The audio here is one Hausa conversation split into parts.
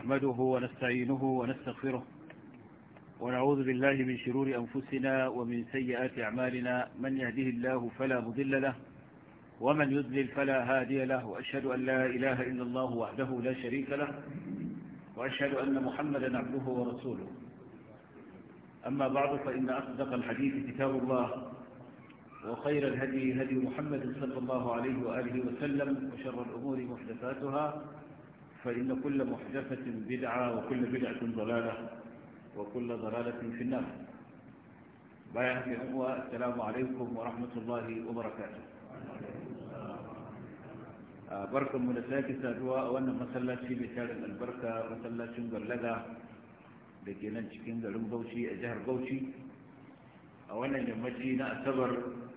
نحمده ونستعينه ونستغفره ونعوذ بالله من شرور أنفسنا ومن سيئات أعمالنا من يهده الله فلا مضل له ومن يذلل فلا هادي له وأشهد أن لا إله إلا الله وحده لا شريك له وأشهد أن محمدا عبده ورسوله أما بعد فإن أصدق الحديث كتاب الله وخير الهدي هدي محمد صلى الله عليه وآله وسلم وشر الأمور محدثاتها فإن كل محدثة بدعة وكل بدعة ضلالة وكل ضلالة في النار في الأخوة السلام عليكم ورحمة الله وبركاته آه، بركة من ساكسة دواء وأن في مثال البركة مسلاتي مبلغة لكي ننشكين لهم بوشي أجهر بوشي a يمجينا yammaci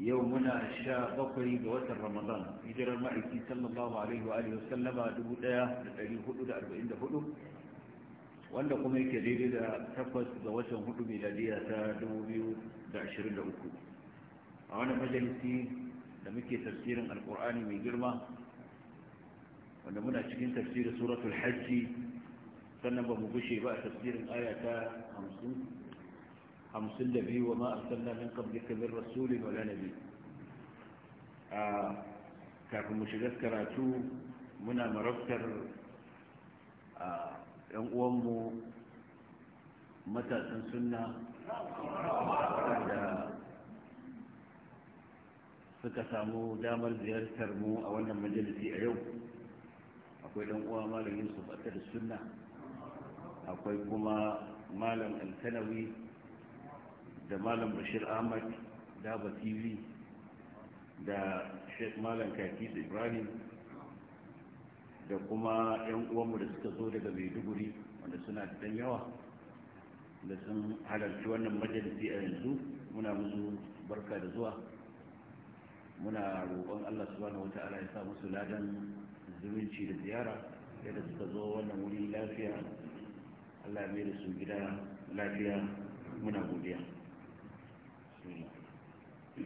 yau muna sha bakwai ga watan ramadan hijirar ma'aiki sallallahu alaihi wa alihi wasallama 1444 wanda kuma yake daidai da takwas ga watan hudu miladiya ta 2023 a wani majalisi da muke tafsirin alkur'ani mai girma wanda muna cikin tafsirin suratul hajji sannan ba mu gushe ba a tafsirin aya ta 50 hamsin da biyu wa ma arsalna min qablika min rasulin wala nabi a kafin mu shiga karatu muna marabtar yan uwanmu matasan sunna da suka samu damar ziyartar mu a wannan majalisi yau akwai dan uwa malam yusuf sunna akwai kuma malam alkanawi da malam bashir ahmad daba tv da sheikh malam kaki da ibrahim da kuma 'yan uwanmu da suka zo daga maiduguri wanda suna da dan yawa da sun halarci wannan majalisi a yanzu muna musu barka da zuwa muna roƙon allah subhanahu wa ta'ala ya sa musu ladan zumunci da ziyara yadda suka zo wannan wuri lafiya allah ya mai da su gida lafiya muna godiya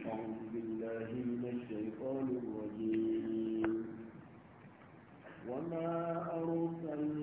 أعوذ بالله من الشيطان الرجيم وما أرسلنا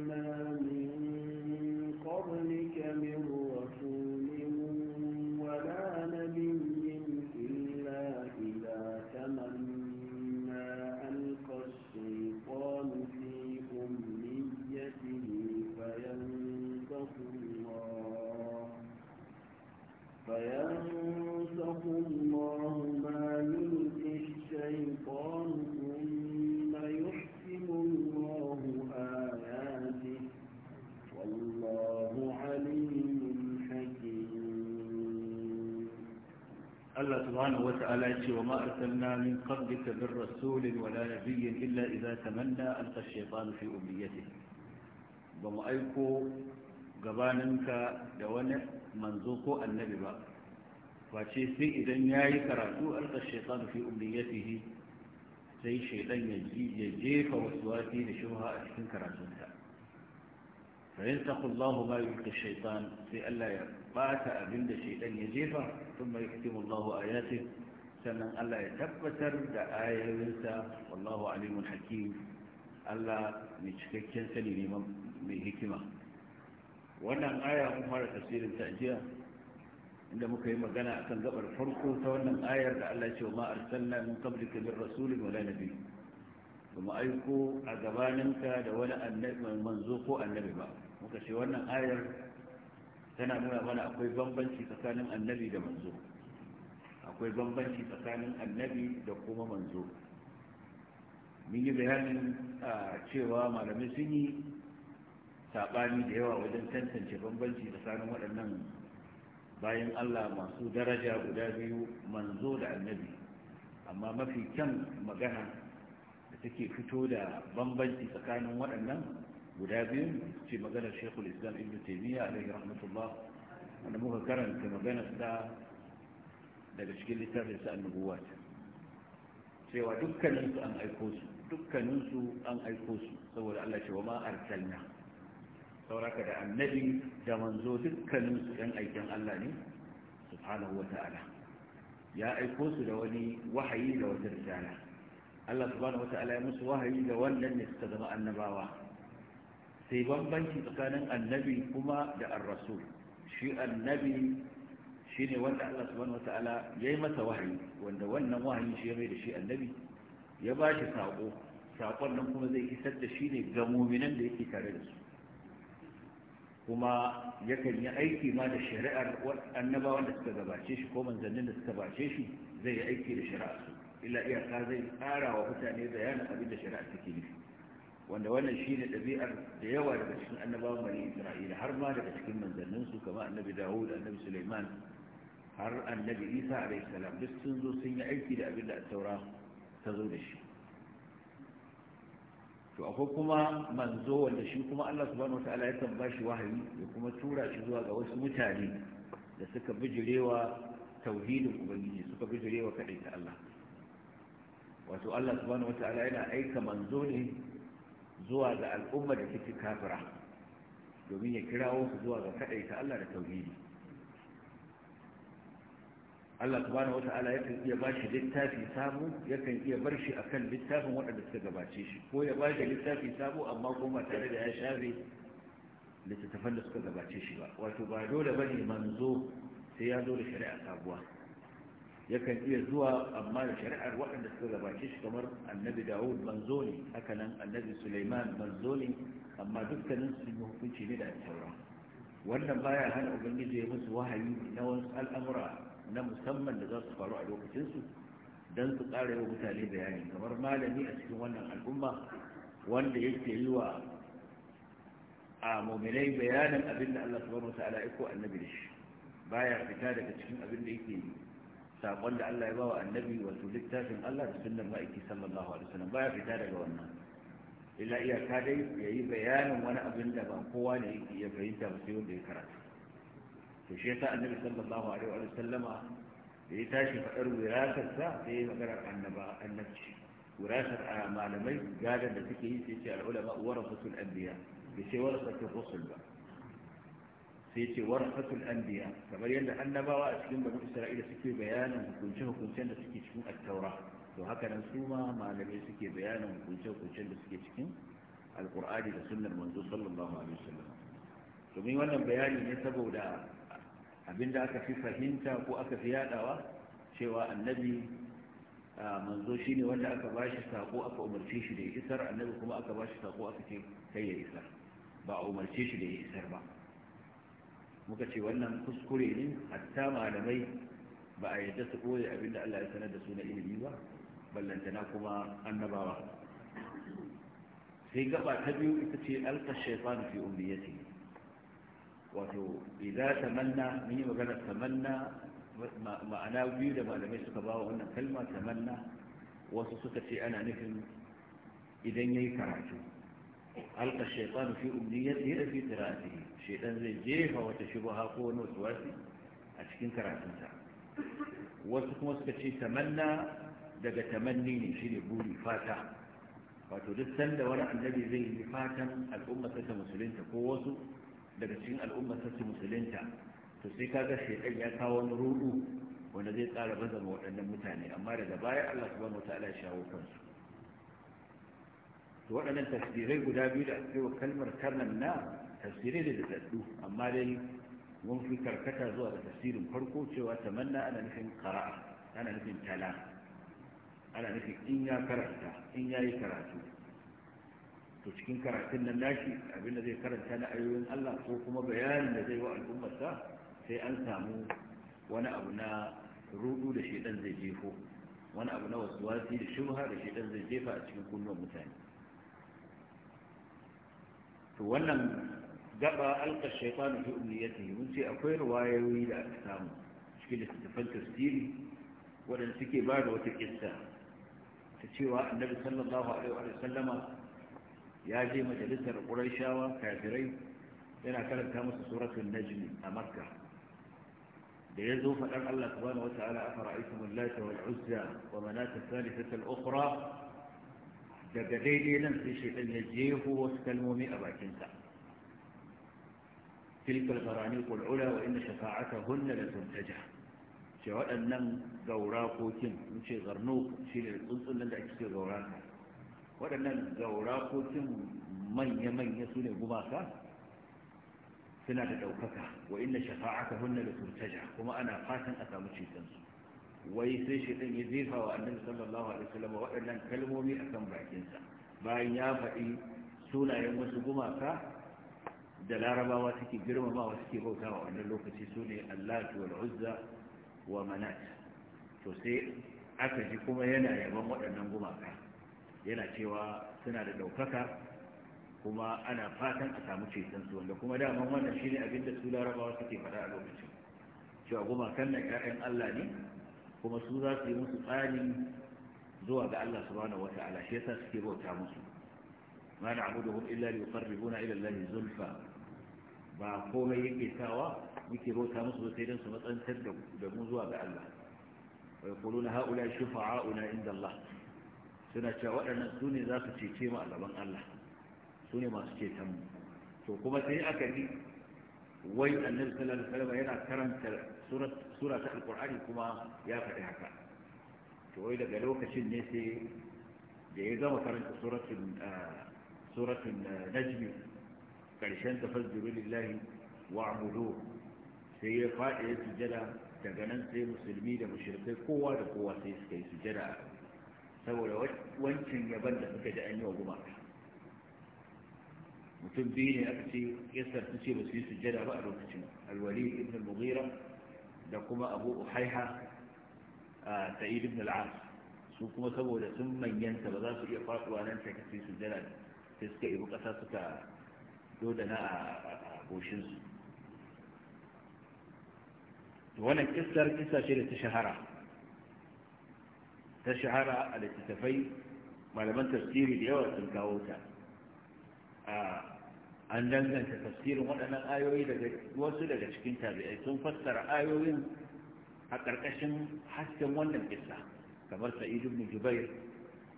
من قبلك من رسول ولا نبي إلا إذا تمنى ألقى الشيطان في أمنيته بمؤيكو gabaninka da wani manzo ko annabi ba face sai idan ya yi karatu alka shaitan fi umniyatihi sai shaitan ya jefa wasu wasi da shuha a cikin karatunsa fayin takullahu ma yi shaitan sai allah ya bata abinda da ya jefa sun mai hukimun lahu a yasin sannan Allah ya tabbatar da ayoyinsa wallahu alimul hakim Allah ne cikakken sani ne mai hikima wannan aya mun fara tafsirin ta jiya inda muka yi magana akan gabar farko ta wannan ayar da Allah ya ce ma arsalna min qablika min rasulin wala nabiy kuma aiko a gabaninka da wani annabi manzo ko annabi ba muka ce wannan ayar tana nuna mana akwai bambanci tsakanin annabi da manzo akwai bambanci tsakanin annabi da kuma manzo mun yi bayanin cewa malamai sun yi saɓani da yawa wajen tantance bambanci tsakanin waɗannan bayan allah masu daraja guda biyu manzo da annabi amma mafi kyan magana da take fito da bambanci tsakanin waɗannan guda biyu ce maganar shekul islam ibn taimiyya alaihi rahmatullah wanda muka karanta maganar sa daga cikin littafin sa annubuwat cewa dukkaninsu an aiko su Dukkaninsu an aiko su saboda Allah cewa ma arsalna sauraka da annabi da manzo dukkaninsu su aikin Allah ne subhanahu wa ta'ala ya aiko su da wani wahayi da wata risala Allah subhanahu wa ta'ala ya musu wahayi da wannan ne suka zama annabawa sai bambanci tsakanin annabi kuma da ar-rasul shi annabi shine wanda Allah subhanahu wataala yayi masa wahayi wanda wannan wahayi shi ya mai da shi annabi ya ba shi sako saƙon nan kuma zai isar da shi ne ga muminan da yake tare da su kuma yakan yi aiki ma da shari'ar annabawan da suka gabace shi ko manzannin da suka bace shi zai yi aiki da shari'ar su illa iyaka zai tsara wa mutane bayanin abin da shari'ar take nufi wanda wannan shi ne ɗabi'ar da yawa daga cikin annabawan bani isra'ila har ma daga cikin manzannin su kamar annabi dawud annabi suleiman har annabi isa alaihi salam duk sun zo sun yi aiki da abin da taura ta zo da shi to akwai kuma manzo wanda shi kuma Allah subhanahu wataala ya ba shi wahayi ya kuma tura shi zuwa ga wasu mutane da suka bijirewa tauhidin ubangiji suka bijirewa kadai ta Allah wato Allah subhanahu wataala yana aika manzo ne zuwa ga al'umma da take kafira domin ya kirawo su zuwa ga kadai ta Allah da tauhidi Allah subhanahu wata'ala yakan iya ba shi littafi samu yakan iya bar shi akan littafin waɗanda suka gabace shi ko ya ba shi littafi samu amma kuma tare da ya share littattafan da suka gabace shi ba wato ba dole bane manzo sai ya zo da shari'a sabuwa yakan iya zuwa amma da shari'ar waɗanda suka gabace shi kamar annabi dawud manzo ne haka nan annabi suleiman manzo ne amma dukkanin su yi hukunci ne da sauran wannan baya hana ubangiji ya musu wahayi na wasu al'amura na musamman da za su faru a lokacinsu don su ƙara yau mutane bayani kamar malami a cikin wannan al'umma wanda yake yi wa a muminai bayanin abin da Allah subhanahu wata'ala ya ko annabi da shi baya fita daga cikin abin da yake saƙon da Allah ya bawa annabi wato littafin Allah da sunnan ma'aiki sallallahu alaihi wasallam baya fita daga wannan illa iyaka dai ya yi bayanin wani abin da ba kowa ne yake ya fahimta ba sai wanda ya karatu to shi yasa annabi sallallahu alaihi wa sallama da ya tashi faɗar wirasar sa sai ya magana annaba annabci wirasar a malamai gadon da suke yi sai ce al'ulama warasatul anbiya da ce warasatul rusul ba sai ce warasatul anbiya kamar yadda annabawa a cikin banu isra'ila suke bayanin hukunce hukuncen da suke cikin at-taura to haka nan su ma malamai suke bayanin hukunce hukuncen da suke cikin alqur'ani da sunnar manzo sallallahu alaihi wasallam to mun wannan bayani ne saboda abinda aka fi fahimta ko aka fi yadawa cewa annabi manzo shine wanda aka bashi sako aka umarce shi da ya isar annabi kuma aka bashi sako aka ce kai ya isar ba a umarce shi da ya isar ba muka ce wannan kuskure ne hatta malamai ba a yadda su koyi abinda Allah ya sanar da su na ilimi ba ballantana kuma annabawa sai gaba ta biyu ita ce alka shaytan fi umniyatihi wato idza tamanna mun yi magana tamanna ma'ana biyu da malamai suka ba wannan kalma tamanna wasu suka ce ana nufin idan yayi karatu alqa shaytanu fi umniyatihi da fi qira'atihi shaytan zai jefa wata shubha ko wani waswasi a cikin karatunsa wasu kuma suka ce tamanna daga tamanni ne ne buri fata wato duk sanda wani annabi zai yi fatan al'ummar ta musulunta ko wasu daga cikin al'ummar sassu musulunta to sai ga shaitan ya kawo wani rudu wanda zai tsara bazama waɗannan mutane amma daga baya Allah subhanahu wataala ala shawo kansu to waɗannan tafsirai guda biyu da aka wa kalmar karnan na tafsirai da daddu amma dai mun fi karkata zuwa da tafsirin farko cewa tamanna ana nufin qara'a ana nufin tala ana nufin in ya karanta in yayi karatu to cikin karatun nan nashi abin da zai karanta na ayoyin Allah ko kuma bayanin da zai wa al'ummarsa sai an samu wani abu na rudu da shedan zai jefo wani abu na wasuwasi da shubha da shedan zai jefa a cikin kunnuwan mutane to wannan gaba alka shaytanu fi umniyatihi mun ce akwai riwayoyi da aka samu cikin littattafan tafsiri waɗanda suke ba da wata kissa ta cewa annabi sallallahu alaihi wa sallama ya je majalisar ƙurayshawa kafirai yana karanta musu suratul najmi a makka da ya zo faɗar Allah subhanahu wata'ala a fara'aikum lata wal uzza wa manata thalithata al ukhra daga daidai nan sai shaytan ya jeho wasu kalmomi a bakinsa تلك الغرانيق العلا وإن شفاعتهن لتنتجع شواء النم غوراقوتين مشي غرنوق شيل القنصل لن أكسي غوراقا waɗannan gaura ko cin manya-manya su ne gumaka suna da ɗaukaka wa inna shafa'aka hunna da turtaja kuma ana fatan a samu cetonsu wai sai shi ɗin ya jefa wa annabi sallallahu alaihi wasallam waɗannan kalmomi a kan bakinsa bayan ya faɗi sunayen wasu gumaka da larabawa suke girmamawa suke bauta wa wannan lokaci su ne allatu wal uzza wa manat to sai aka ji kuma yana yaban waɗannan gumaka yana cewa suna da ɗaukaka kuma ana fatan a samu cetonsu wanda kuma daman wannan shine abin da su larabawa suke faɗa a lokacin cewa gumakan nan 'ya'yan Allah ne kuma su za su yi musu tsarin zuwa ga Allah subhanahu wata'ala shi yasa suke bauta musu ma na'buduhum illa liqarribuna ila Allah zulfa ba komai yake sawa muke bauta musu sai dan su matsantar da mu zuwa ga Allah wa yaquluna haula shufa'auna inda Allah suna cewa waɗannan su ne za su cece mu a Allah su ne masu ceton mu to kuma sai aka yi wai annabi sallallahu alaihi wasallam yana karanta sura ta alqur'ani kuma ya faɗi haka to wai daga lokacin ne sai da ya gama karanta suratul ah, suratul ah, najmi karshen tafazzurin lillahi wa'budu sai ya faɗi ya sujada daga nan sai musulmi da mushrikai kowa da kowa sai suka yi sujada saboda wancan yaban da suka da an yi wa gumaka mutum biyu ne aka ce yasar su ce ba su yi sujjada ba a lokacin alwali ibn al-mughira da kuma abu uhaiha a sa'id ibn al-as su kuma saboda sun manyanta ba za su iya faɗuwa nan ta ka su sujjada sai suka ibu ƙasa suka dodana a goshinsu wannan kissar kissa ce da ta shahara ta shahara a littattafai malaman tafsiri da yawa sun kawo ta an danganta tafsirin waɗannan ayoyi daga wasu daga cikin tabi'ai sun fassara ayoyin a ƙarƙashin hasken wannan isa kamar sa'id ibn jubair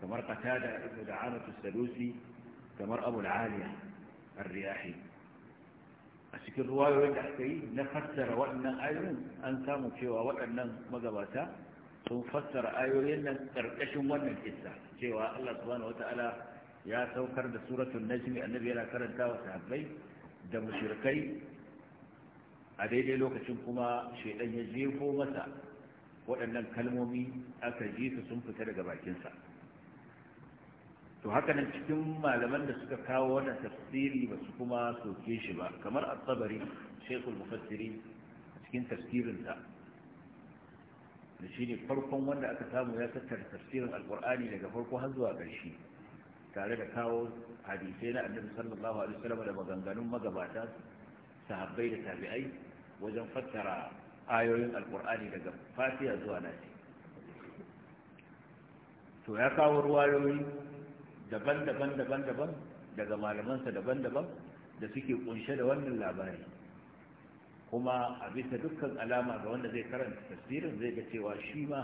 kamar qatada ibn da'amah as kamar abu al-aliya ar-riyahi a cikin ruwayoyin da aka yi na fassara waɗannan ayoyin an samu cewa waɗannan magabata sun fassara ayoyin nan karkashin wannan kissa cewa Allah subhanahu wata'ala ya saukar da suratul najmi annabi yana karanta wa sahabbai da mushrikai a daidai lokacin kuma shaidan ya jefo masa waɗannan kalmomi aka ji su sun fita daga bakinsa to haka nan cikin malaman da suka kawo wannan tafsiri ba su kuma soke shi ba kamar at-tabari shaykhul mufassiri cikin tafsirinsa da shi ne farkon wanda aka samu ya tattara tafsirin alkur'ani daga farko har zuwa ƙarshe tare da kawo hadisai na annabi sallallahu alaihi wasallam da maganganun magabata sahabbai da tabi'ai wajen fassara ayoyin alkur'ani daga fatiha zuwa nasi to ya kawo ruwayoyi daban-daban daban-daban daga malamansa daban-daban da suke kunshe da wannan labari kuma a bisa dukkan alama ga wanda zai karanta tasirin zai ga cewa shi ma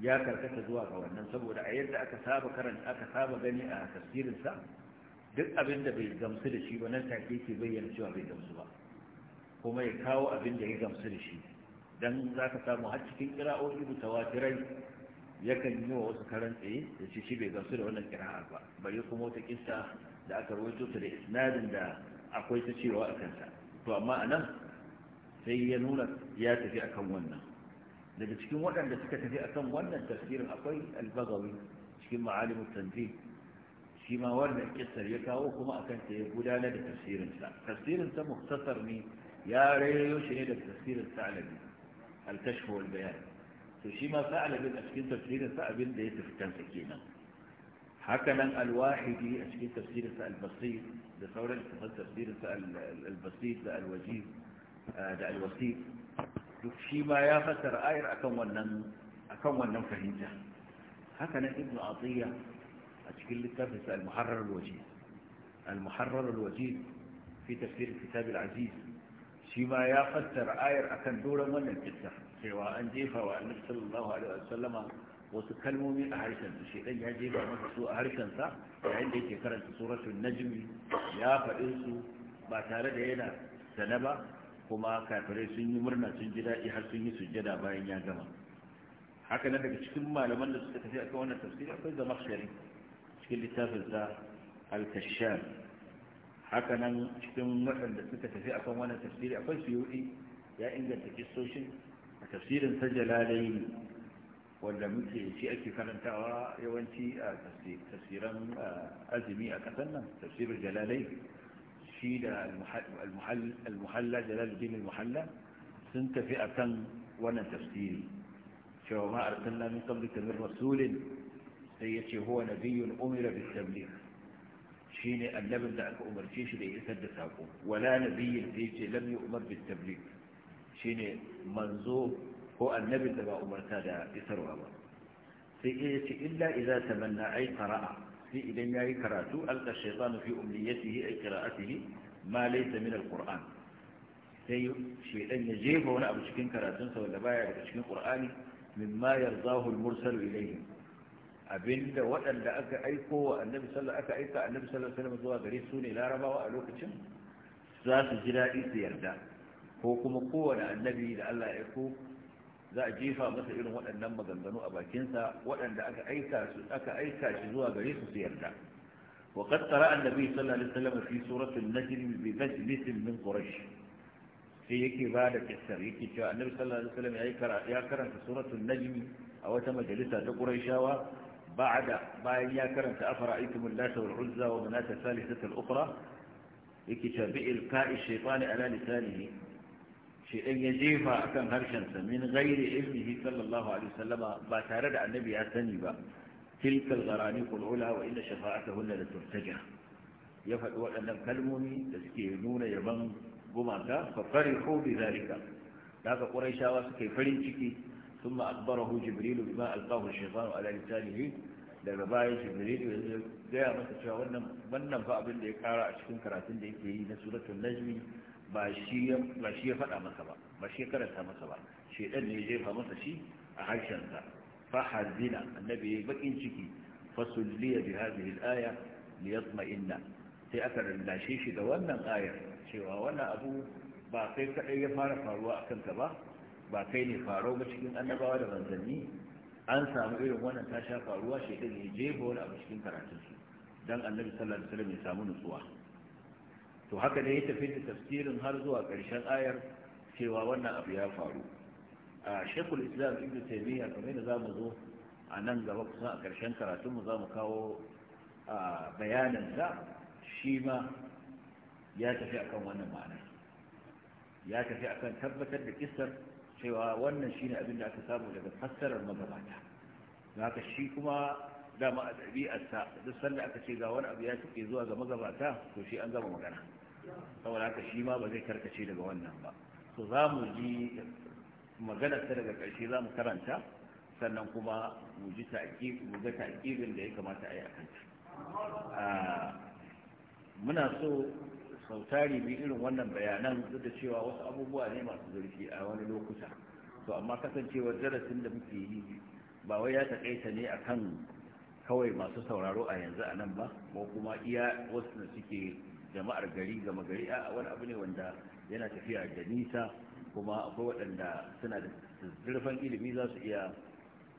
ya karkata zuwa ga wannan saboda a yadda aka saba karanta aka saba gani a tasirinsa, duk abin da bai gamsu da shi ba nan take ke bayyana cewa bai gamsu ba kuma ya kawo abin da ya gamsu da shi dan za ka samu har cikin kira'o'i mutawatirai yakan yi wa wasu karan tsaye da shi shi bai gamsu da wannan kira ba bari kuma wata kissa da aka rawaito ta da isnadin da akwai ta cewa a kansa to amma a nan bayyano ya ya tafi akan wannan daga cikin waɗanda suka tafi akan wannan tafsirin akwai al-bagawi cikin ma'alimin tanzil shi ma wannan kissar ya kawo kuma akan ta ya gudanar da tafsirin sa tafsirin sa muktasar ne ya rayo shi ne da tafsirin sa'alabi al-kashf wal bayan to shi ma sa'alabi a cikin tafsirin sa abin da ya tafi kansa kenan haka nan al-wahidi a cikin tafsirin sa al-basir da sauran tafsirin sa al-basir da al-wajib da alwasif duk shi ma ya fassara ayar akan wannan fahimta haka nan ibnu atiya a cikin littafin sa al-muharrar al-wajid al-muharrar al-wajid fi tafsir kitab al-aziz shi ma ya fassara ayar akan doron wannan kissa cewa an jefa wa annabi sallallahu alaihi wasallama wasu kalmomi a harshen su shedan ya jefa masa su a harshen sa yayin da yake karanta suratul najm ya faɗin su ba tare da yana sana ba kuma kafirai sun yi murna sun ji daɗi har sun yi sujjada bayan ya gama haka nan daga cikin malaman da suka tafi akan wannan tafsiri akwai shari. cikin littafin sa al-kashshaf haka nan cikin waɗanda suka tafi akan wannan tafsiri akwai suyuɗi ya inganta kistoshin a tafsirin sa jalalaini wanda muke shi ake karantawa yawanci a tafsiran azumi a ƙasar nan tafsirin jalalaini فيه المحل المحلى جلال الدين المحلى سنت فئه وانا تفسير فما ارسلنا من قبلك من رسول سيتي هو نبي امر بالتبليغ شيني النبي ده اكو امر شيش ده يسد ولا نبي فيش لم يؤمر بالتبليغ شيني منظوم هو النبي ده امر تادا يسروا الله سيئتي إلا إذا تمنى أي قرأة sai idan yayi karatu alqa shaytanu fi umniyatihi ay qira'atihi ma laysa min alquran sai shaytan ya jefa wani abu cikin karatunsa wanda baya daga cikin qur'ani mimma yarzahu almursalu ilayhi abinda waɗanda aka wa annabi sallallahu aka aika annabi sallallahu alaihi wasallam zuwa gare su ne larabawa a lokacin za su ji daɗi su yarda ko kuma kowane annabi da Allah ya aiko za a jefa masa irin waɗannan maganganu a bakinsa waɗanda aka aika su aka aika shi zuwa gare su su yarda wa qad qara annabi sallallahu alaihi wasallam fi suratul najm bi majlis min quraish sai yake ba da kissar yake cewa annabi sallallahu alaihi wasallam ya karanta suratul najm a wata majalisa ta quraishawa ba'da bayan ya karanta afara al-lata wal-uzza wa manata thalithata al-ukhra yake cewa bi ilqa'i shaytani ala lisanihi shedan ya jefa akan harshensa min ghairi ilmihi sallallahu alaihi wasallama ba tare da annabi ya sani ba kilikal al-gharaniq wa inda wa inna shafa'atahunna turtaja ya faɗi waɗannan kalmomi da suke nuna yaban gumaka fa farihu bi zalika daga shawa suke farin ciki ثم أخبره جبريل بما ألقاه الشيطان على da daga baya Jibrilu ya gaya masa cewa wannan wannan fa abin da ya kara a cikin karatun da yake yi na suratul najmi ba shi ya faɗa masa ba ba shi ya karanta masa ba shaidan ne ya jefa masa shi a harshensa fa hazina annabi yi bakin ciki fa sulliya bi hadhihi al-aya li sai aka rallashe shi da wannan ayar cewa wannan abu ba kai kaɗai ya fara faruwa a kanka ba ba kai ne faro ba cikin annabawa da manzanni an samu irin wannan ta sha faruwa shaidan ne ya jefa wani abu cikin karatunsu dan annabi sallallahu alaihi wasallam ya samu nutsuwa to haka ne ya tafi da tafsirin har zuwa ƙarshen ayar cewa wannan abu ya faru a shekul islam ibn taymiya kamar da zamu zo a nan gaba kusan a ƙarshen karatun mu zamu kawo bayanin sa shi ma ya tafi akan wannan ma'ana ya tafi akan tabbatar da kissar cewa wannan shine abin da aka samu daga fassarar magabata haka shi kuma dama a ɗabi'arsa duk sanda aka ce ga wani abu ya tuke zuwa ga magabata to shi an gama magana saboda haka shi ma ba zai karkace daga wannan ba to za mu ji ta daga karshe za mu karanta sannan kuma mu ji ga da ya kamata a yi a kanta muna so sautari bi irin wannan bayanan duk da cewa wasu abubuwa ne masu zurfi a wani lokuta to amma kasancewar darasin da muke yi ba wai ya taƙaita ne a kan. kawai masu sauraro a yanzu a nan ba ko kuma iya wasu da suke jama'ar gari gama gari a wani abu ne wanda yana tafiya da nisa kuma akwai waɗanda suna da zurfan ilimi za su iya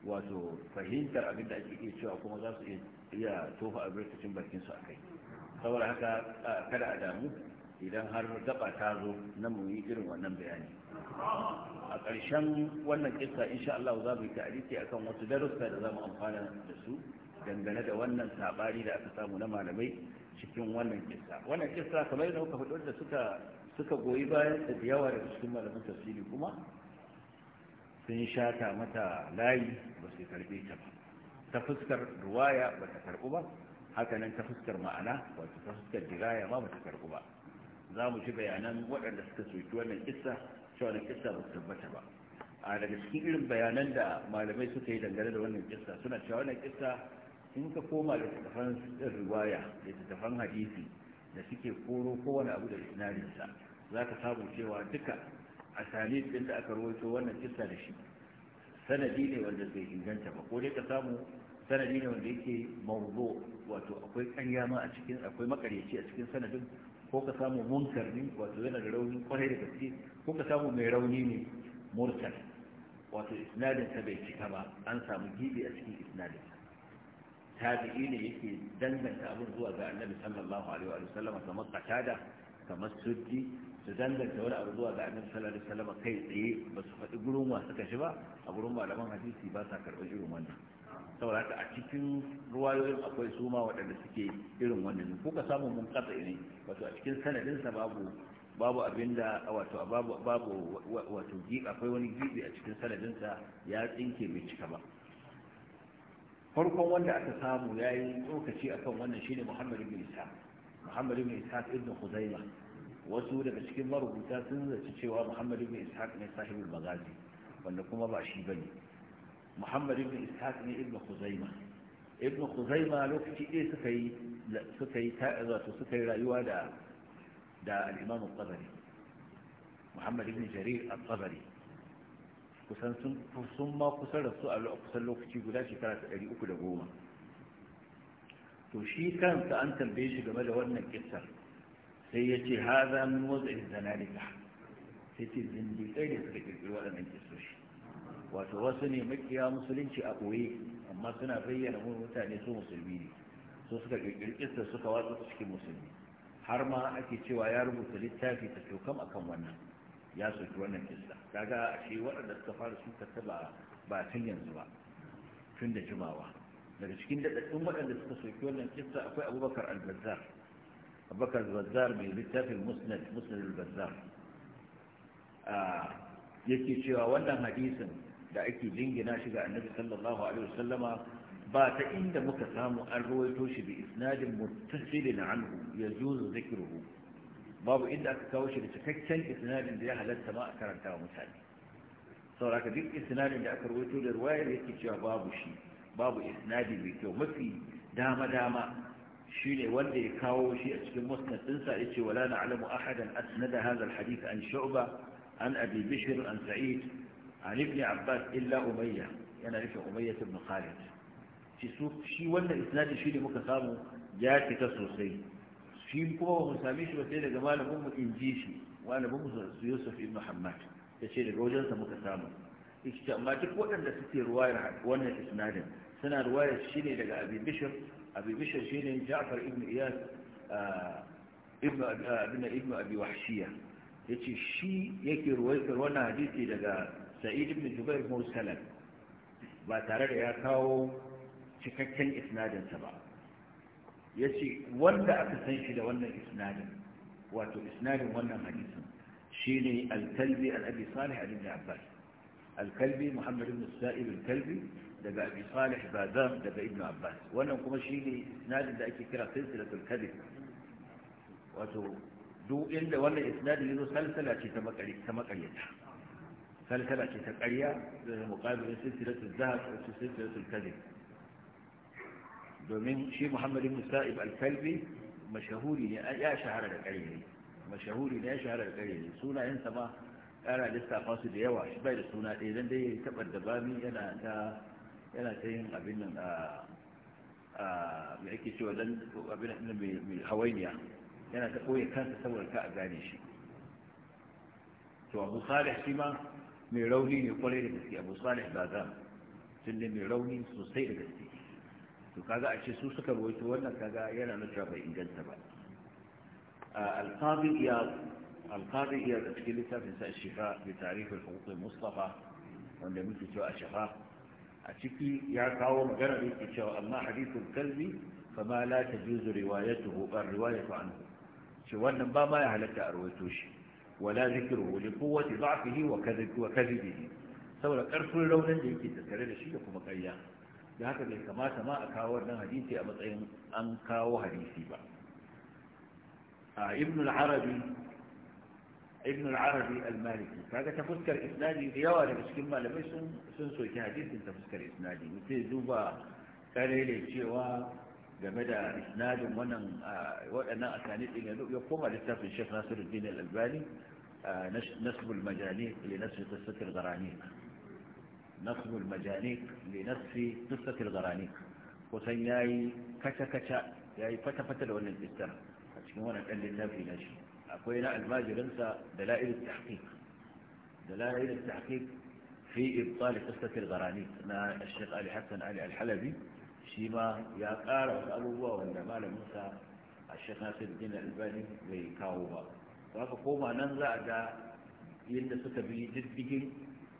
wato fahimtar abin da ake iya cewa kuma za su iya tofa albarkacin bakin su a kai saboda haka kada a damu idan har gaba ta zo nan mu yi irin wannan bayani a ƙarshen wannan kisa insha Allah za mu yi ta'ariki akan wasu darussa da za mu amfana da su dangane da wannan sabari da aka samu na malamai cikin wannan kissa wannan kissa kamar yadda kuka faɗi da suka suka goyi bayan da yawa daga cikin malaman tafsiri kuma sun shata mata layi ba su karɓe ta ba ta fuskar ruwaya ba ta karɓu ba hakanan ta fuskar ma'ana wato ta fuskar diraya ma ba ta karɓu ba za mu ci bayanan waɗanda suka soki wannan kissa cewa wannan kissa ba su tabbata ba a daga cikin irin bayanan da malamai suka yi dangane da wannan kissa suna cewa wannan kissa in ka koma da tafan riwaya da tafan hadisi da suke koro kowane abu da isnadinsa za ka samu cewa duka a salib din da aka rawaito wannan kissa da shi sanadi ne wanda zai inganta ba ko dai ka samu sanadi ne wanda yake mawzo wato akwai ƙarya ma a cikin akwai makaryaci a cikin sanadin ko ka samu munkar ne wato yana da rauni kwarai da gaske ko ka samu mai rauni ne mursal wato isnadin ta bai cika ba an samu gibi a cikin isnadin tabi'i ne yake danganta abin zuwa ga annabi sallallahu alaihi wa sallam kamar qatada kamar suddi su danganta wani abu zuwa ga annabi sallallahu alaihi wa sallam kai tsaye ba su faɗi gurin wa suka shi ba a gurin malaman hadisi ba sa karɓar irin wannan saboda haka a cikin ruwayoyin akwai su ma waɗanda suke irin wannan ko ka samu mun katsa ne wato a cikin sanadinsa babu babu abinda wato babu babu wato akwai wani gibi a cikin sanadinsa ya tsinke bai cika ba farkon wanda aka samu ya yi tsokaci a kan wannan ne muhammad bin isa muhammad bin isa ibn huzaima wasu daga cikin marubuta sun zaci cewa muhammad bin isa ne sahibul magazi wanda kuma ba shi bane muhammad bin isa ne ibn huzaima ibn huzaima lokaci ɗaya suka yi suka yi wato suka yi rayuwa da da al-imam al-qabari muhammad bin jarir al-qabari kusan sun ma kusa rasu a kusan lokaci guda shekara ta ɗari uku da goma to shi kansa an tambaye shi game da wannan kissar sai ya ce haza min zana zanalika sai ce zindiƙai ne suka ƙirƙiri waɗannan kissoshi wato wasu ne makiya musulunci a ɓoye amma suna bayyana mun mutane su musulmi ne Su suka ƙirƙiri kissar suka watsa cikin musulmi har ma ake cewa ya rubuta littafi ta tokam akan wannan ya sauki wannan kissa kaga ashe waɗanda suka fara suka ta ba tun yanzu ba tun da jimawa daga cikin daɗaɗɗun waɗanda suka sauki wannan kissa akwai abubakar al abubakar al mai littafin musnad musnad al Ya ah, yake cewa wannan hadisin da ake jingina shi ga annabi sallallahu alaihi wasallama ba ta inda muka samu an ruwaito shi bi isnadin muttasilin anhu yajuzu zikruhu babu inda aka kawo shi da cikakken isnadin da ya halatta ma a karanta wa mutane sauraka duk isnadin da aka rubuto da ruwayar yake cewa babu shi babu isnadi mai kyau mafi dama dama shine wanda ya kawo shi a cikin musnad dinsa yace wala na'lamu ahadan asnada hadha alhadith an shu'ba an abi bishr an sa'id an ibn abbas illa umayya yana nufin umayya ibn khalid shi wannan isnadin shi ne muka samu ya fita sosai shi kuma ba mu same shi ba sai daga malamin mu in ji shi malamin mu Yusuf ibn Muhammad ce daga wajen wajensa muka samu yace amma duk waɗanda suke ruwayar wannan isnadin suna ruwayar shi ne daga Abi Bishr Abi Bishr ne Ja'far ibn Iyas ah, ibn ah, ibn ibn Abi Wahshiya yace shi yake ruwayar wannan hadisi daga Sa'id ibn Jubair mursalan ba tare da ya kawo cikakken isnadinsa ba ya ce wanda aka san shi da wannan isnadin wato isnadin wannan hadisin shi ne alkalbi al'abi salih da abbas alkalbi muhammad ibn sa'ib alkalbi daga abi salih bazam daga ibn abbas wannan kuma shi ne isnadin da ake kira silsilatul kadhib wato duk inda wannan isnadin yanzu salsala ce ta makaryata salsala ce ta ƙarya da muqabilin silsilatul zahab da silsilatul ومن شيء محمد بن سائب الكلبي مشهور يا شهر الكلبي مشهور يا شهر الكلبي سونا انت ما انا لسه قاصد يا واش باي سونا اذا دي تبقى دبامي انا انت انا تين ابن ا ميك شو دن ابن احنا من هوينيا انا تقوي كان تصور كا غاني شي تو ابو صالح سيما ميروني يقول لي ابو صالح بعدا سنه ميروني سوسيتي to kaga a ce su suka rawaito wannan kaga yana nuna bai inganta ba al-qadi iyad al-qadi iyad a cikin littafin sa shifa bi tarikh al-huquq al-mustafa wanda muke cewa a shifa a ciki ya kawo magana da yake cewa amma hadithul kalbi fama la tajuzu riwayatuhu bar riwayatu anhu shi wannan ba ma ya halatta a rawaito shi wala zikruhu li quwwati da'fihi wa kadhibi wa kadhibihi saboda karfin raunin da yake tattare da shi da kuma ƙarya da haka bai kamata ma a kawo wannan hadisi a matsayin an kawo hadisi ba a ibn al-arabi ibn al-arabi al-maliki kaga ta fuskar isnadi da yawa daga cikin malamai sun sun soki hadisin ta fuskar isnadi mutum duba karele cewa game da isnadin wannan waɗannan asanid din ya koma littafin Sheikh Nasiruddin Al-Albani nasbul majani li nasr qissat al-gharaniq نصب المجانيك لنصف قصة الغرانيك حسين ياي كتا كتا ياي فتا فتا لون الاستر اتشمونا في للنبي نجي اقوينا الماجي لنسى دلائل التحقيق دلائل التحقيق في ابطال قصة الغرانيك انا الشيخ علي حسن علي الحلبي شيما يا قارة الله ما لم موسى الشيخ ناصر الدين الباني ويكاوبا فاقوما ننزع دا يلنسك بجد بجد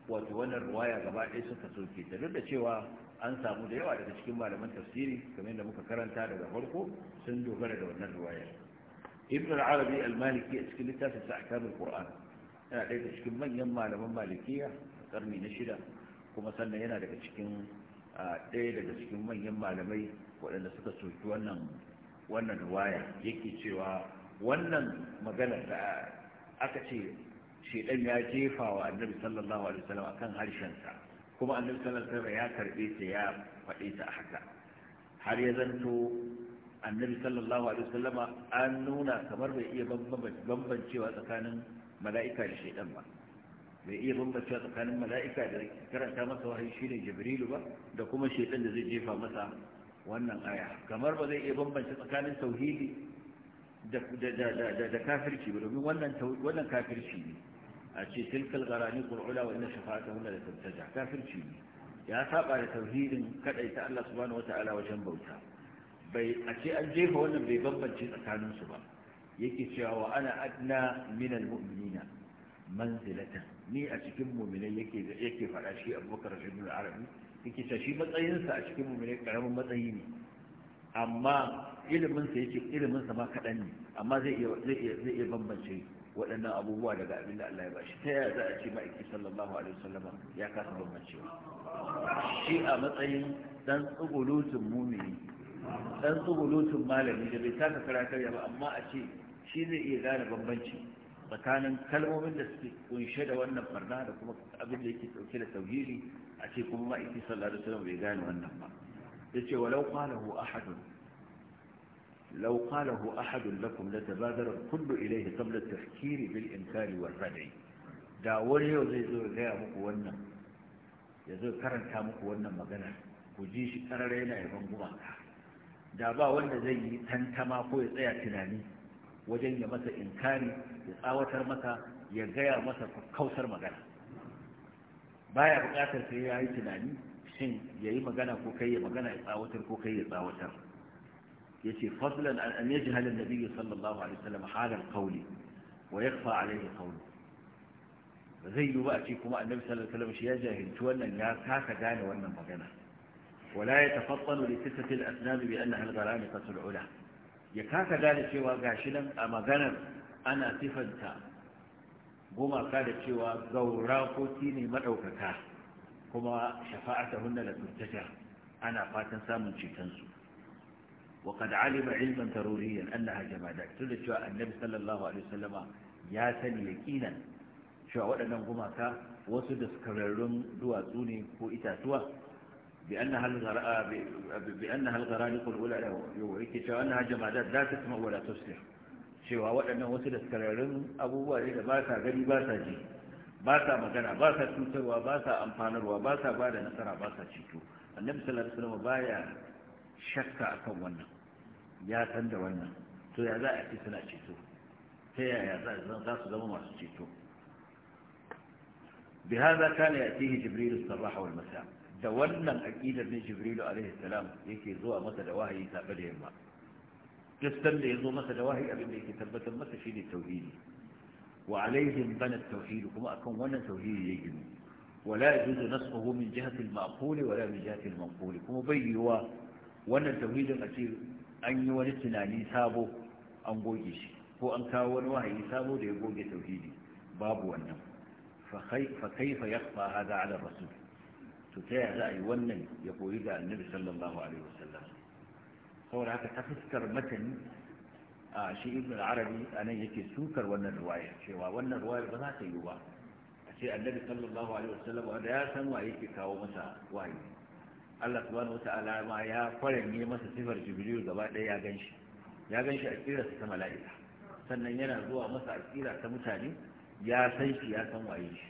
wato wannan ruwaya gaba ɗaya suka soke ta duk da cewa an samu da yawa daga cikin malaman tafsiri kamar da muka karanta daga farko sun dogara da wannan ruwaya ibn al-arabi al-maliki a cikin littafin sa al qur'an yana ɗaya daga cikin manyan malaman malikiya a karni na shida kuma sannan yana daga cikin ɗaya daga cikin manyan malamai waɗanda suka soki wannan wannan ruwaya yake cewa wannan magana da aka ce shedan ya jefa wa annabi sallallahu alaihi wasallam akan harshensa kuma annabi sallallahu alaihi wasallam ya karbe ta ya faɗe ta haka har ya zanto annabi sallallahu alaihi wasallam an nuna kamar bai iya bambancewa tsakanin mala'ika da shedan ba bai iya bambancewa tsakanin mala'ika da karanta masa wahayi shine jibrilu ba da kuma shedan da zai jefa masa wannan aya kamar ba zai iya bambance tsakanin tauhidi da kafirci ba domin wannan kafirci ne a ce tilkal garani qur'ula wa inna shafa'atahunna la tuntaja kafirci ya saba da tauhidin ta Allah subhanahu wata'ala wajen bauta bai a ce an jefa wannan bai bambance tsakanin su ba yake cewa wa ana adna min almu'minina manzilatan ni a cikin mu'minai yake yake fada shi Abubakar Ibn Arabi yake cewa shi matsayinsa a cikin mu'minai karamin matsayi ne amma ilimin sa yake ilimin sa ma kadan ne amma zai iya zai iya bambance waɗannan abubuwa daga abin da Allah ya bashi ta yaya za a ce ma'aiki sallallahu alaihi wasallam ya kasa bambancewa shi a matsayin dan tsugulutun mumini dan tsugulutun malami da bai taka karatar ba amma a ce shi zai iya gane bambanci tsakanin kalmomin da suke kunshe da wannan farna da kuma abin da yake ɗauke da ta'uhiri. a ce kuma ma'aiki sallallahu alaihi wasallam bai gane wannan ba yace walau qalahu ahadun لو قاله أحد لكم لتبادر الكل إليه قبل التفكير بالإنكار والردع da wani yau zai zo gaya muku wannan ya zo karanta muku wannan magana ku ji shi karar yana yaban gumaka da ba wanda zai yi tantama ko ya tsaya tunani wajen ya masa inkari ya tsawatar masa ya gaya masa kausar magana baya bukatar sai ya yi tunani shin ya yi magana ko kai ya magana ya tsawatar ko kai ya tsawatar yace fadlan an an yajhal an-nabi sallallahu alaihi wasallam halal qawli wa yakhfa alaihi zai yi ba a ce kuma annabi sallallahu alaihi wasallam shi ya jahilci wannan ya kasa gane wannan magana ولا يتفطن kaka الأسنان بأنها الغرانقة العلا يكاك ذلك شوى قاشلا أما غنم أنا cewa بما ne maɗaukaka kuma تيني ta كما شفاعتهن ana أنا فاتن سامن su. وقد علم علما ضروريا أنها جمادات تدد شواء النبي صلى الله عليه وسلم يا سني يكينا شواء waɗannan غماكا wasu daskararrun duwatsu ne ko itatuwa bi annaha al-gharaniqul ula da yake cewa annaha jamadat la tasma wa la tusir cewa waɗannan wasu daskararrun abubuwa ne da ba sa gani ba sa ji ba sa magana ba sa cutarwa ba sa amfanarwa ba sa ba da nasara ba sa cito annabi sallallahu alaihi wasallam baya shakka akan wannan ya san da wannan to ya za a ce suna ceto ta yaya za su zama masu ceto بهذا tihi يأتيه جبريل الصباح Masa? da wannan aƙidar ne jibrilu alaihi salam yake zuwa masa da wahayi taɓa da yamma kristan da ya zo masa da wahayi abin da yake tabbatar masa shi ne tauhidi wa alaihim bana tauhidi kuma akan wannan tauhidi ya ginu wala yajuzu nasbuhu min jihati al-ma'qul wala min jihati al-manqul kuma bai yiwa wannan tauhidin a ce an yi wani tunani sabo an goge shi ko an kawo wani wahayi sabo da ya goge tauhidi babu wannan fa kaifa yakhfa hadha ala rasul to ta yaya za a yi wannan ya koyi ga annabi sallallahu alaihi wasallam saboda haka ta fuskar matani a shi ibn al-arabi anan yake sukar wannan riwaya cewa wannan ruwaya ba za ta yi ba a ce annabi sallallahu alaihi wasallam wanda ya san wa yake kawo masa wahayi Allah subhanahu wata'ala ma ya ne masa sifar jibril gaba ɗaya ya ganshi ya shi a kira ta mala'ika sannan yana zuwa masa a tsira ta mutane ya san shi ya san waye shi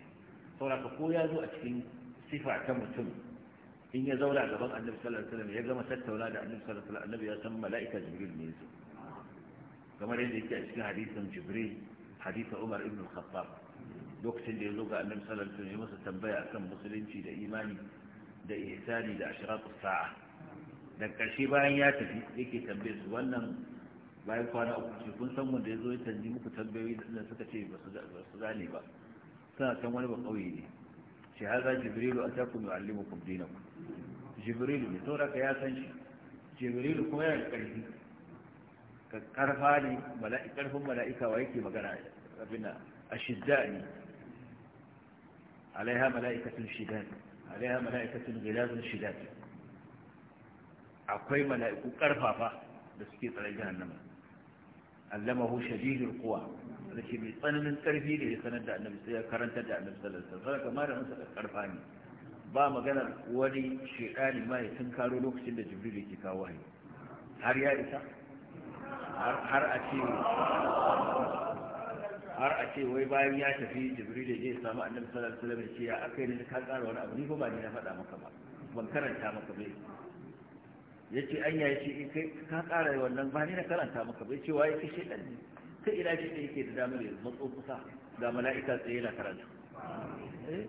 sauraka ko ya zo a cikin sifa ta mutum in ya zauna gaban annabi sallallahu alaihi wasallam ya gama tattauna da annabi sallallahu alaihi wasallam annabi ya san mala'ika jibril ne yazo kamar yadda yake a cikin hadisin jibril hadisin umar ibn al-khattab lokacin da ya zo ga annabi sallallahu alaihi wasallam ya masa tambaya akan musulunci da imani da ihsani da ashratu sa'a da ƙarshe bayan ya tafi yake tambaye su wannan bayan kwana uku ce kun san wanda ya zo ya tanji muku tambayoyi da suka ce ba su gane ba suna can wani ba ƙauye ne shi haza jibrilu a takun yu'allimukum dinakum jibrilu ne to ka ya san shi jibrilu kuma yana da ƙarfi ka karfa ne karfin mala'ika wa yake magana abin ashidda ne alaiha mala'ikatun shidda alaiha mala'ikatun gilazun shidat akwai mala'iku karfafa da suke tsare jahannama allamahu shadidul quwa da ke mai tsananin karfi da ya sanar da annabi sai ya karanta da annabi sallallahu alaihi wasallam kamar an saka ne ba maganar wani shedani ma ya tunkaro lokacin da jibril yake kawo wahayi har ya isa har a ce har a ce wai bayan ya tafi jibril ya samu annabi sallallahu alaihi wasallam ya ce ya akai ne ka tsara wani abu ni ko ba ni na faɗa maka ba ban karanta maka ba. ya ce an yaya ce eh, kai ka tsara wannan ba ni na karanta maka ba yace wai kishi ɗan ne kai ina ce da yake da damar ya matso kusa ga mala'ika tsaye na karanta eh?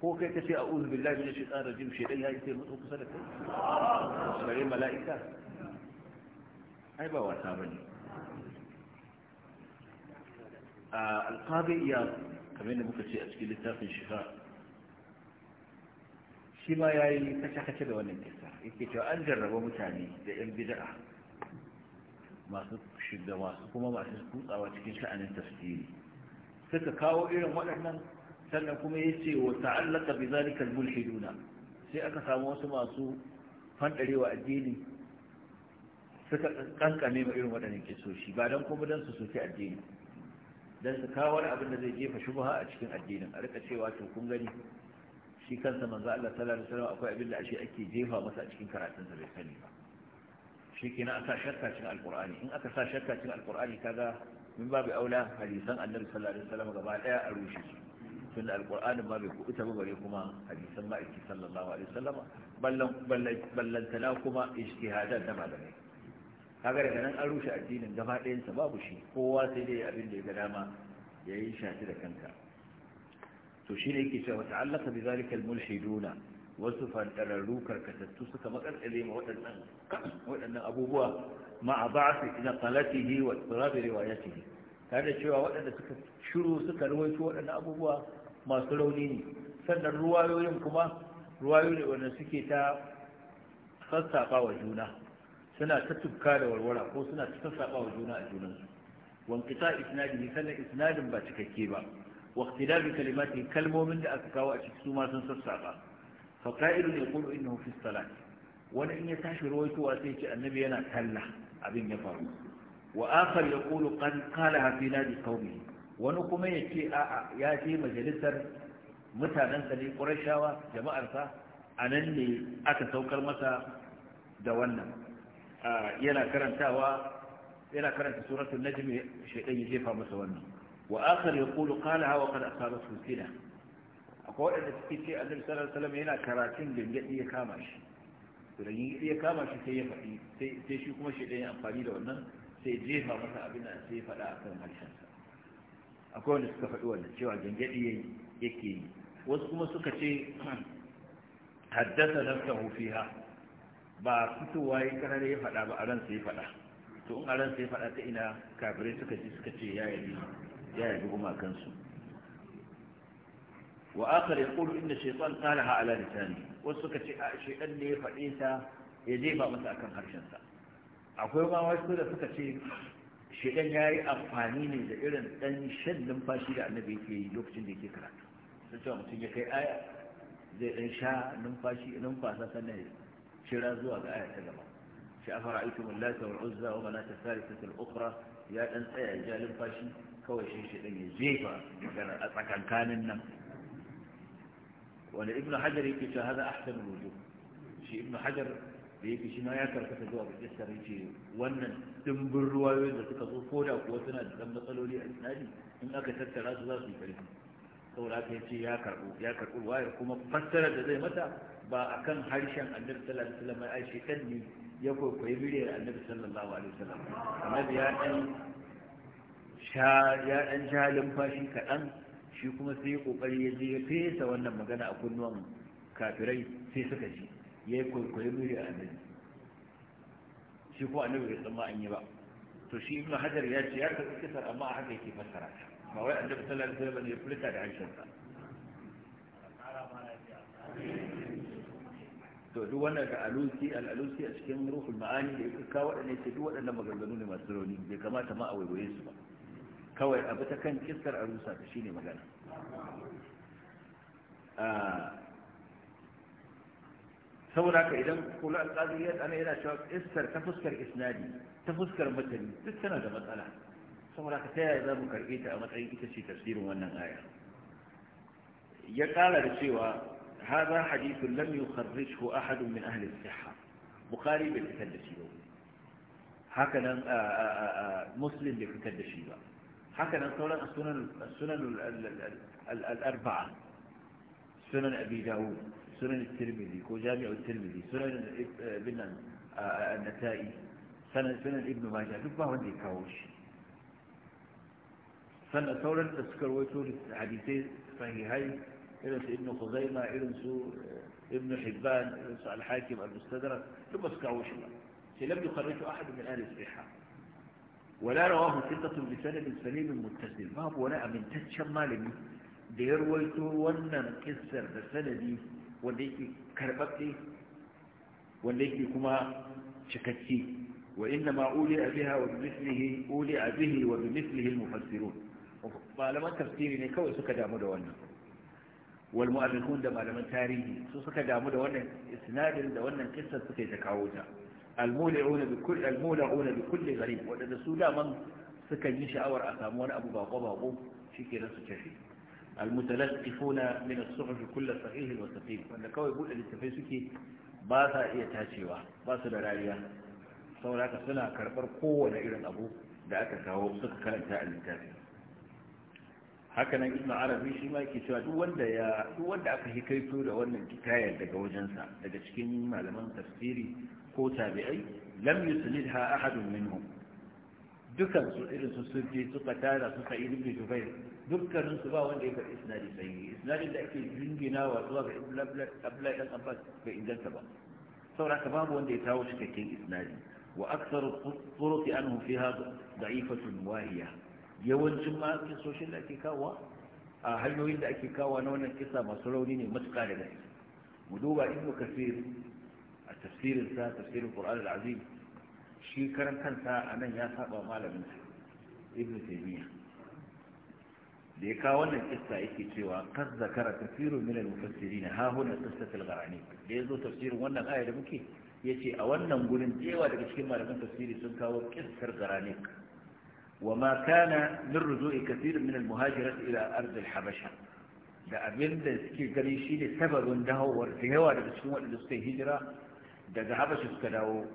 ko kai ka ce a uzu billahi min shaitan rajim shaitan ya yi sai matso kusa da kai bare mala'ika ai ba wasa bane alƙabi iya kamar da muka ce a cikin littafin shifa shi ma ya yi kace-kace da wannan kisa yake cewa an jarraba mutane da 'yan bida'a masu shiga masu kuma masu kutsawa cikin sha'anin tafsiri suka kawo irin waɗannan sannan kuma ya ce wa ta'allaka bi zalikal mulhiduna sai aka samu wasu masu fandarewa addini suka kankane ma irin waɗannan kisoshi ba don kuma don su soke addini don su kawo wani abin da zai jefa shubha a cikin addinin a rika cewa to kun gani shi kansa manzo Allah sallallahu alaihi wasallam akwai abin da ashe ake jefa masa a cikin karatun sa bai sani ba shikenan aka shakka cikin alqur'ani in aka sa shakka cikin alqur'ani kaga min babu aula hadisan annabi sallallahu alaihi wasallam gaba daya a rushe su tun da alqur'anin ma bai kubuta ba bare kuma hadisan ma'aiki sallallahu alaihi wasallam ballan ballan kuma ijtihadan da malamai kaga daga nan an rushe addinin gaba ɗayansa babu shi kowa sai dai abin da ya ga dama ya yi shafi da kanka to shi ne yake cewa wata allaka bi zalika mulhiduna wasu fantararru karkatattu suka makalkale ma waɗannan waɗannan abubuwa a ba'asi ila qalatihi wa tirabi riwayatihi kada da cewa waɗanda suka shiru suka rawaito waɗannan abubuwa masu rauni ne sannan ruwayoyin kuma ruwayoyin ne wanda suke ta sassafa wa juna suna ta tubka da warwara ko suna ta sassaɓa wa juna a junansu wankita isnadihi sannan isnadin ba cikakke ba واختلاف kalimati Kalmomin da aka kawo a cikin su ma sun sassaba fa qa'ilun yaqulu innahu fi salat wani in ya tashi ruwaitowa sai ce annabi yana talla abin ya faru wa akhar yaqulu qad qalaha fi nadi qawmi wani kuma ya ce a'a ya je majalisar mutanen sa ne qurashawa jama'ar sa anan ne aka saukar masa da wannan yana karantawa yana karanta suratul najm shaytan ya jefa masa wannan wa akhar yaqulu qala wa qad asabat sila akwai wanda suke ce annabi sallallahu alaihi wasallam yana karatun gangadi ya kama shi to da ya kama shi sai ya faɗi sai shi kuma shaytan ya amfani da wannan sai jefa masa abin da sai ya faɗa akan harshensa akwai wanda suka faɗi wannan cewa gangadi yake yi wasu kuma suka ce haddasa nafsahu fiha ba fitowa ya kanar ya faɗa ba a ransa ya faɗa to in a ransa ya faɗa ta ina kafirai suka ji suka ce ya yabi ya yabi kansu wa akhar yaqulu inna shaytan qalaha ala lisani wasu suka ce a shaytan ne ya faɗe ta ya jefa masa akan harshen sa akwai ma wasu da suka ce shaidan ya yi amfani ne da irin dan shan numfashi da annabi yake yi lokacin da yake karatu sun ce mutum ya kai aya zai ɗan sha numfashi numfasa sannan شراز والآية كذلك شأفرأيتم اللات والعزة ومنات الثالثة الأخرى يا أن أجال قاشي كوشي شئين زيفا وكان أطعك عن كان النم ابن حجر يكيش هذا أحسن الوجود شي ابن حجر يكيش ما يكرك تدوى بالجسر يكي وانا تنبر رواي وإذا تكتفور أو قوتنا لم نقلوا لي أن أجل إن أكثر ثلاث ذات في فريق قول أكيش يا كرقو يا كرقو الواير كما فسرت زي متى ba a kan harshen annabi sallallahu alaihi wasallam ai shekan ne ya kwaikwayi muryar annabi sallallahu alaihi wasallam annabi ya dan sha ya dan ja fashi kaɗan shi kuma sai kokari ya je ya fesa wannan magana a kunnuwan kafirai sai suka ji ya kwaikwayi muryar annabi shi kuma annabi bai san ma an yi ba to shi ibnu hajar ya ce ya karɓi kisar amma a haka yake fassara ta ba wai annabi sallallahu alaihi wasallam ne ya furta da harshen sa to duk wannan da alusi alusi a cikin ruhul ma'ani da yake kawo wadanne ce duk waɗannan maganganu ne masu rauni bai kamata ma a waiwaye su ba kawai abu ta kan kiskar alusa ta shine magana ah, saboda ka idan kula alƙazi ya tsana yana cewa iskar ta fuskar isnadi ta fuskar matani duk tana da matsala saboda ka ta yaya za mu karɓe ta a matsayin ita ce tasirin wannan aya ya ƙara da cewa هذا حديث لم يخرجه أحد من أهل الصحة بخاري بالتدشي هكذا آه، آه، آه، مسلم بالتدشي هكذا قولا السنن, السنن الأربعة سنن أبي داود سنن الترمذي وجامع الترمذي سنن ابن النسائي سنن, سنن ابن ماجه دبا عندي كاوش سنن قولا تذكر الحديثين فهي هاي irin su ibn khuzaima irin su ibn hibban irin su al-hakim al-mustadrak duk ba su kawo shi ba sai lam yukharriju ahad min ahli sahih wala rawahu sittatun bi sanadin salim muttasil babu wani amintaccen malami da ya ruwaito wannan kissar da sanadi wanda yake karbatse wanda kuma cikakke wa inna ma uli'a biha wa bimithlihi uli'a bihi wa bimithlihi al-mufassirun malaman tafsiri ne kawai suka damu da wannan wal mu'arrikhun da malaman tarihi su suka damu da wannan isnadin da wannan kissa suka ta kawo ta al-mula'una bi kulli al bi kulli gharib wadanda su daman suka yi sha'awar a samu wani abu bako bako shikenan su tafi al-mutalaqifuna min as-suhuf kullu sahih wa saqim wanda kawai bude littafai suke ba sa iya tacewa ba su da rariya saboda suna karbar kowane irin abu da aka kawo suka karanta a littafin hakanan ibn arabi shi ma yake cewa duk wanda ya duk wanda aka hikaito da wannan hikayar daga wajensa daga cikin malaman tafsiri ko tabi'ai lam yuslidha ahadun minhum dukan su irin su sufi suka tara su sa'id ibn jubair dukkanin su ba wanda ya faɗi isnadi sahihi isnadin da ake jingina wa zuwa ga ibn abdullahi dan abbas bai inganta ba saboda haka babu wanda ya kawo cikakken isnadi wa aktsaru turuqi anhu fiha da'ifatun wahiya yawancin ma soshin da ake kawo a hanyoyin da ake kawo na wannan kisa masu rauni ne matuƙa da gaske mu duba ibn kasir a tafsirin sa tafsirin qur'an al-azim shi karan kansa anan ya saba malamin sa ibn taymiya da ya kawo wannan kisa yake cewa kan zakara tafsiru min al-mufassirin ha huna qissat al-gharani da yazo tafsirin wannan aya da muke ce a wannan gurin cewa daga cikin malaman tafsiri sun kawo kisar gharani وما كان من رجوع كثير من المهاجرة إلى أرض الحبشة da abin da suke gani shi ne sababin dawowar da yawa daga cikin waɗanda suka yi hijira daga habashi suka dawo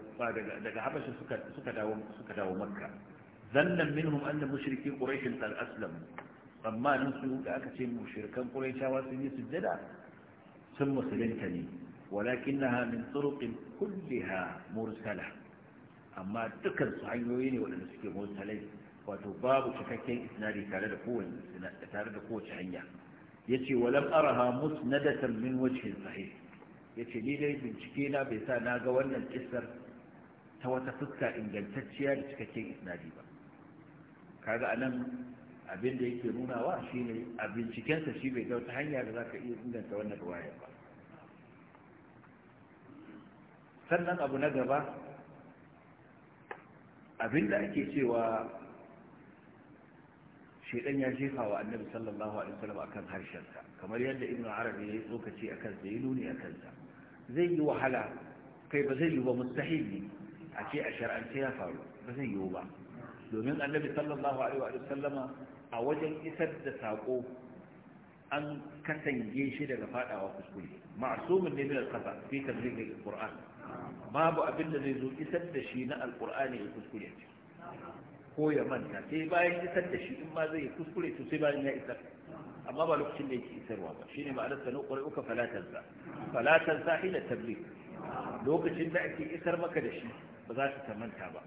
daga habashi suka dawo suka dawo makka zannan minhum anna mushriki quraish qad aslam amma nan su da aka ce mushrikan ƙurashawa sun yi sujjada sun musulunta ne walakinaha min turuqin kulliha mursala amma dukkan su hanyoyi ne waɗanda suke mursalai wato babu cikakken isnadi tare da kowace tare da kowace hanya yace walam araha musnadatan min wajhin sahih yace ni dai bincike na bai sa na ga wannan kissar ta wata fuska ingantacciya da cikakken isnadi ba kaga anan abin da yake nunawa shine a bincikensa shi bai ga wata hanya da zaka iya inganta wannan ruwayar ba sannan abu na gaba abinda ake cewa shedan ya jefa wa annabi sallallahu alaihi wasallam akan harshensa kamar yadda ibnu arabi ya yi tsokaci akan sa ya nuni a kansa. zai yi wahala kai ba zai yi ba mustahili a ce a shar'ance ya faru ba zai yi ba domin annabi sallallahu alaihi wa sallama a wajen isar da sako an katange shi daga fadawa kuskure ma'sumun ne min al-khata fi tabligh al-qur'an babu abin da zai zo isar da shi na al-qur'ani ya kuskure ko ya manta sai bayan isar da shi in ma zai kuskure to sai bayan ya isar amma ba lokacin da yake isarwa ba shine ma'anar sanin ƙwarai uka falatansa falatansa hila tabli lokacin da ake isar maka da shi ba za ka manta ba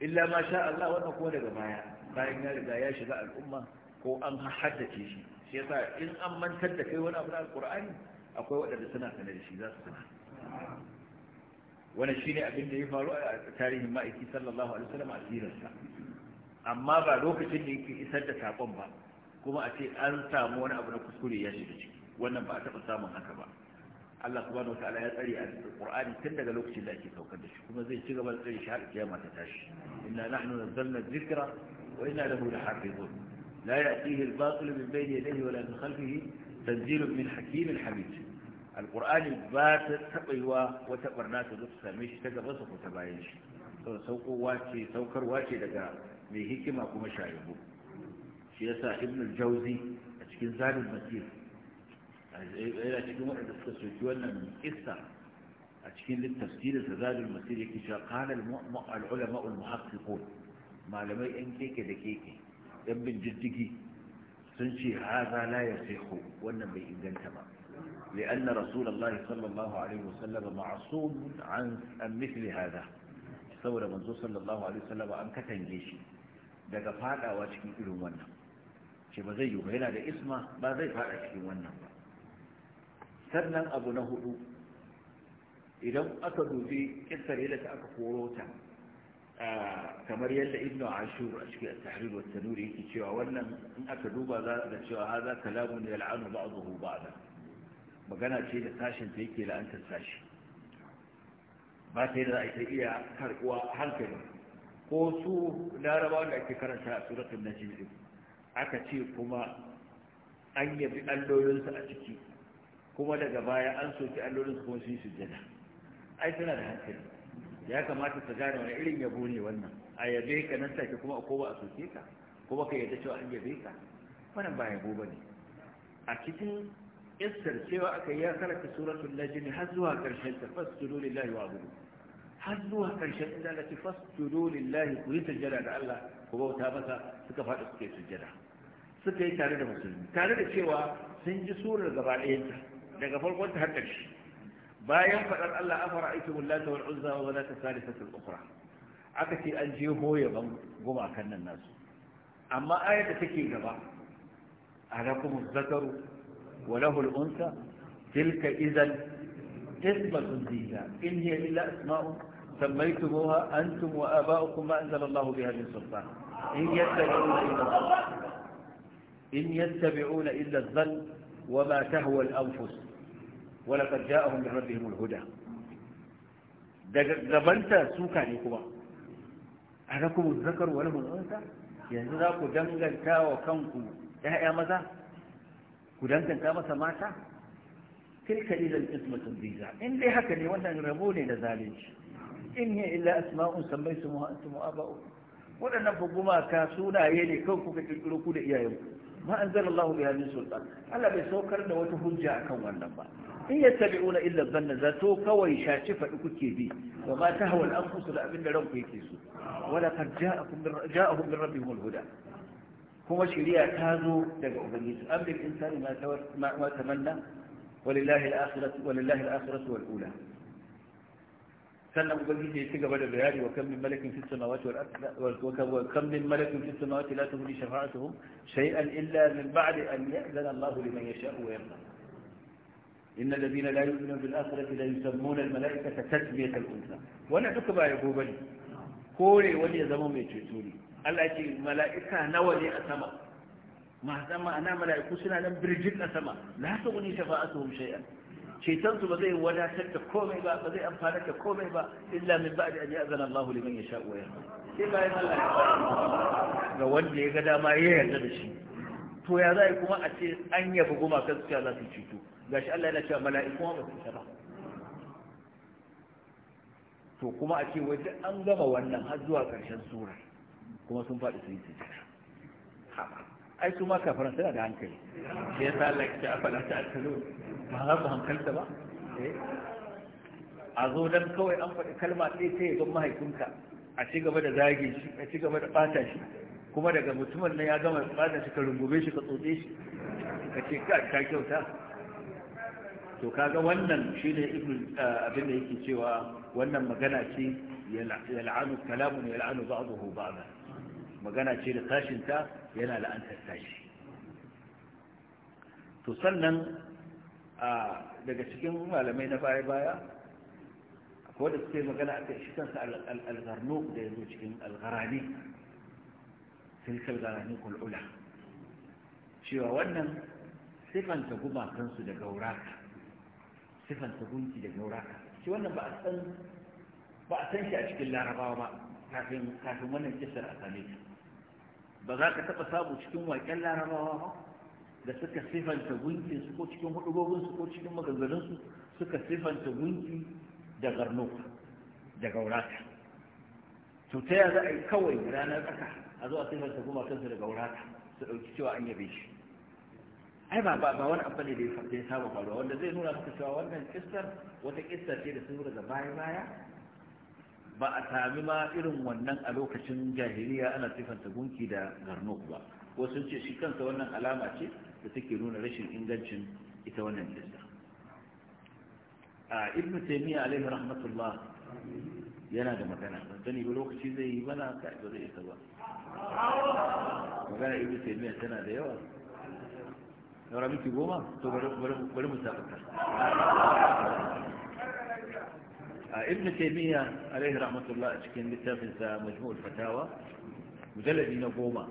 illa ma sha Allah wannan ko daga baya bayan ya riga ya shiga al'umma ko an haddace shi shi yasa in an mantar da kai wani abu na alƙur'ani akwai waɗanda suna sanar da shi za su sanar wannan ne abin da ya faru a tarihin ma'aiki sallallahu alaihi wasallam a sirarsa amma ba lokacin da yake isar da sakon ba kuma a ce an samu wani abu na kuskure ya shiga ciki wannan ba a taɓa samun haka ba Allah subhanahu wataala ya tsare a Qur'ani tun daga lokacin da ake saukar da shi kuma zai ci gaba da tsare shi har kiyama ta tashi inna nahnu nazzalna dhikra wa inna lahu lahafizun la ya'tihi al-batil min bayni yadayhi wa la min khalfihi tanzilun min hakimin hamid alƙur'ani ba ta taɓa yiwa wata ɓarna ta zo ta same shi ta gaba su ta bayan shi saukowa ce saukarwa ce daga mai hikima kuma shayabu shi yasa ibn Al-Jawzi a cikin zalin masir yana cikin waɗanda suka soki wannan kissa a cikin littafsirin sa zalin masir yake cewa qala al-ulama al-muhaqqiqun malamai yan keke da keke yan bin diddigi sun ce haza la yasihu wannan bai inganta ba لأن رسول الله صلى الله عليه وسلم معصوم عن مثل هذا saboda manzo sallallahu alaihi wasallam an katange shi daga fadawa cikin irin wannan ce ba zai yi ba yana da isma ba zai fada cikin wannan ba sannan abu na hudu idan aka dubi kissar yadda ta aka koro ta kamar yadda ibn ashur a cikin tahrir wa tanuri yake cewa wannan in aka duba za ga cewa haza kalamun yal'anu ba'dahu ba'da magana ce da sashen ta yake la'antar sashi ba ta yi da a iya karkuwa hankali ko su laraba da ake karanta a suratun na din aka ce kuma an yabi allolinsu a ciki kuma daga baya an soke allolinsu kuma sun yi jana ai suna da hankali ya kamata ta gane wani irin yabo ne wannan a yabe ka nan take kuma ko ba a soke ka kuma ka yadda cewa an yabe ka wannan ba yabo ba ne a cikin iskar cewa aka yi ya karanta suratun najmi har zuwa ƙarshen ta fasjudu lillahi wa abudu har zuwa karshen inda Allah ce fasjudu lillahi ku yi sujjada da Allah ku bauta masa suka faɗi suke yi sujjada suka yi tare da musulmi tare da cewa sun ji surar gaba ɗayanta daga farkon ta har ƙarshe bayan faɗar Allah afara aikumul lata wal uzza wa zalata salisatul ukhra aka ce an je hoya ban gumakan nan nasu amma ayar da take gaba a rakumus zakaru وله الأنثى تلك إذا إسم زينة إن هي إلا أسماء سميتموها أنتم وآباؤكم ما أنزل الله بها من سلطان إن يتبعون إلا إن يتبعون إلا الظن وما تهوى الأنفس ولقد جاءهم من ربهم الهدى gabanta سوكا ne أنكم الذكر ولهم الأنثى wani hulunsa yanzu za ku يا wa kanku ku danganta masa mata tilka idan ismatun biza in dai haka ne wannan rabo ne da zalunci in hiya illa asma'un sammaytumuha antum wa aba'ukum waɗannan buguma ka sunaye ne kan kuka kirkiro ku da iyayenku ma anzala Allah bi min sultan Allah bai saukar da wata hujja akan wannan ba in yattabi'una illa dhanna zato kawai shaci faɗi kuke bi wa ma tahwa al-anfus da abinda ranku yake so wala qad ja'akum min ja'ahum min rabbihim al-huda هو شريعة هذا تقعب أمر الإنسان ما, ما, تمنى ولله الآخرة ولله الآخرة والأولى سنة أبنيس يتقى بعد الرياري وكم من ملك في السماوات وكم من ملك في السماوات لا تهدي شفاعتهم شيئا إلا من بعد أن يأذن الله لمن يشاء ويرضى إن الذين لا يؤمنون بالآخرة لا يسمون الملائكة تسمية الأنثى ولا ونعتك بأيبوبني قولي ولي زمان يتشتوني Allah ce mala'ika nawa ne a sama masu ma'ana mala'iku suna nan birjin a sama la su wani shafa shafa'atuhum shay'an ceton su ba zai wadatar da komai ba ba zai amfana da komai ba illa min ba'di an ya'zana Allahu liman yasha wa yarda sai bayan Allah ga wanda ya ga dama ya yarda da shi to ya zai kuma a ce an yabi goma kan su za su ceto gashi Allah yana cewa mala'iku ma ba su ba to kuma a ce wai an gama wannan har zuwa ƙarshen surar kuma sun faɗi sun yi ai su ma kafaran suna da hankali ya sa Allah ya a faɗa ta alkalo ba za su hankalta ba eh. a zo dan kawai an faɗi kalma ɗaya ta yaban mahaifinka a ci gaba da zage shi a ci gaba da ɓata shi kuma daga mutumin nan ya gama ɓata shi ka rungume shi ka tsotse shi ka ce ka ta kyauta to kaga wannan shi ne eh, abin da yake cewa wannan magana ce yal'anu kalamun yal'anu ba'dahu ba'da magana ce da tashin ta yana la'antar tashi to sannan daga cikin malamai na baya baya ko da suke magana a kai shi kansa al-gharnu da yazo cikin al-gharani tilka al-gharani kul ula cewa wannan sifanta gumakansu da gauraka ta gunki da gauraka shi wannan ba a san ba a san shi a cikin larabawa ba kafin wannan kisar a same ta ba za ka taɓa samu cikin waƙen larabawa ba da suka sifanta gunki su ko cikin hudubobin su ko cikin maganganun su suka sifanta gunki da garno da gaurata to ta ya za a yi kawai ranar ƙasa a zo a sifanta gumakansu da gaurata su ɗauki cewa an yabe shi ai ba ba wani abu ne da ya saba faruwa wanda zai nuna maka cewa wannan kissar wata kissa ce da sun daga baya baya ba a sami ma irin wannan a lokacin jahiliya ana sifanta gunki da garnok ba ko sun ce shi kansa wannan alama ce da take nuna rashin ingancin ita wannan kisa a ibn taimiyya alaihi rahmatullah yana da magana ban sani ba lokaci zai yi mana ka ba zai isa ba magana ibn taimiyya tana da yawa yawa miki goma to bari mu sa ibn taymiya alaihi rahmatullah a cikin littafin sa majmu'ul fatawa mujalladi na goma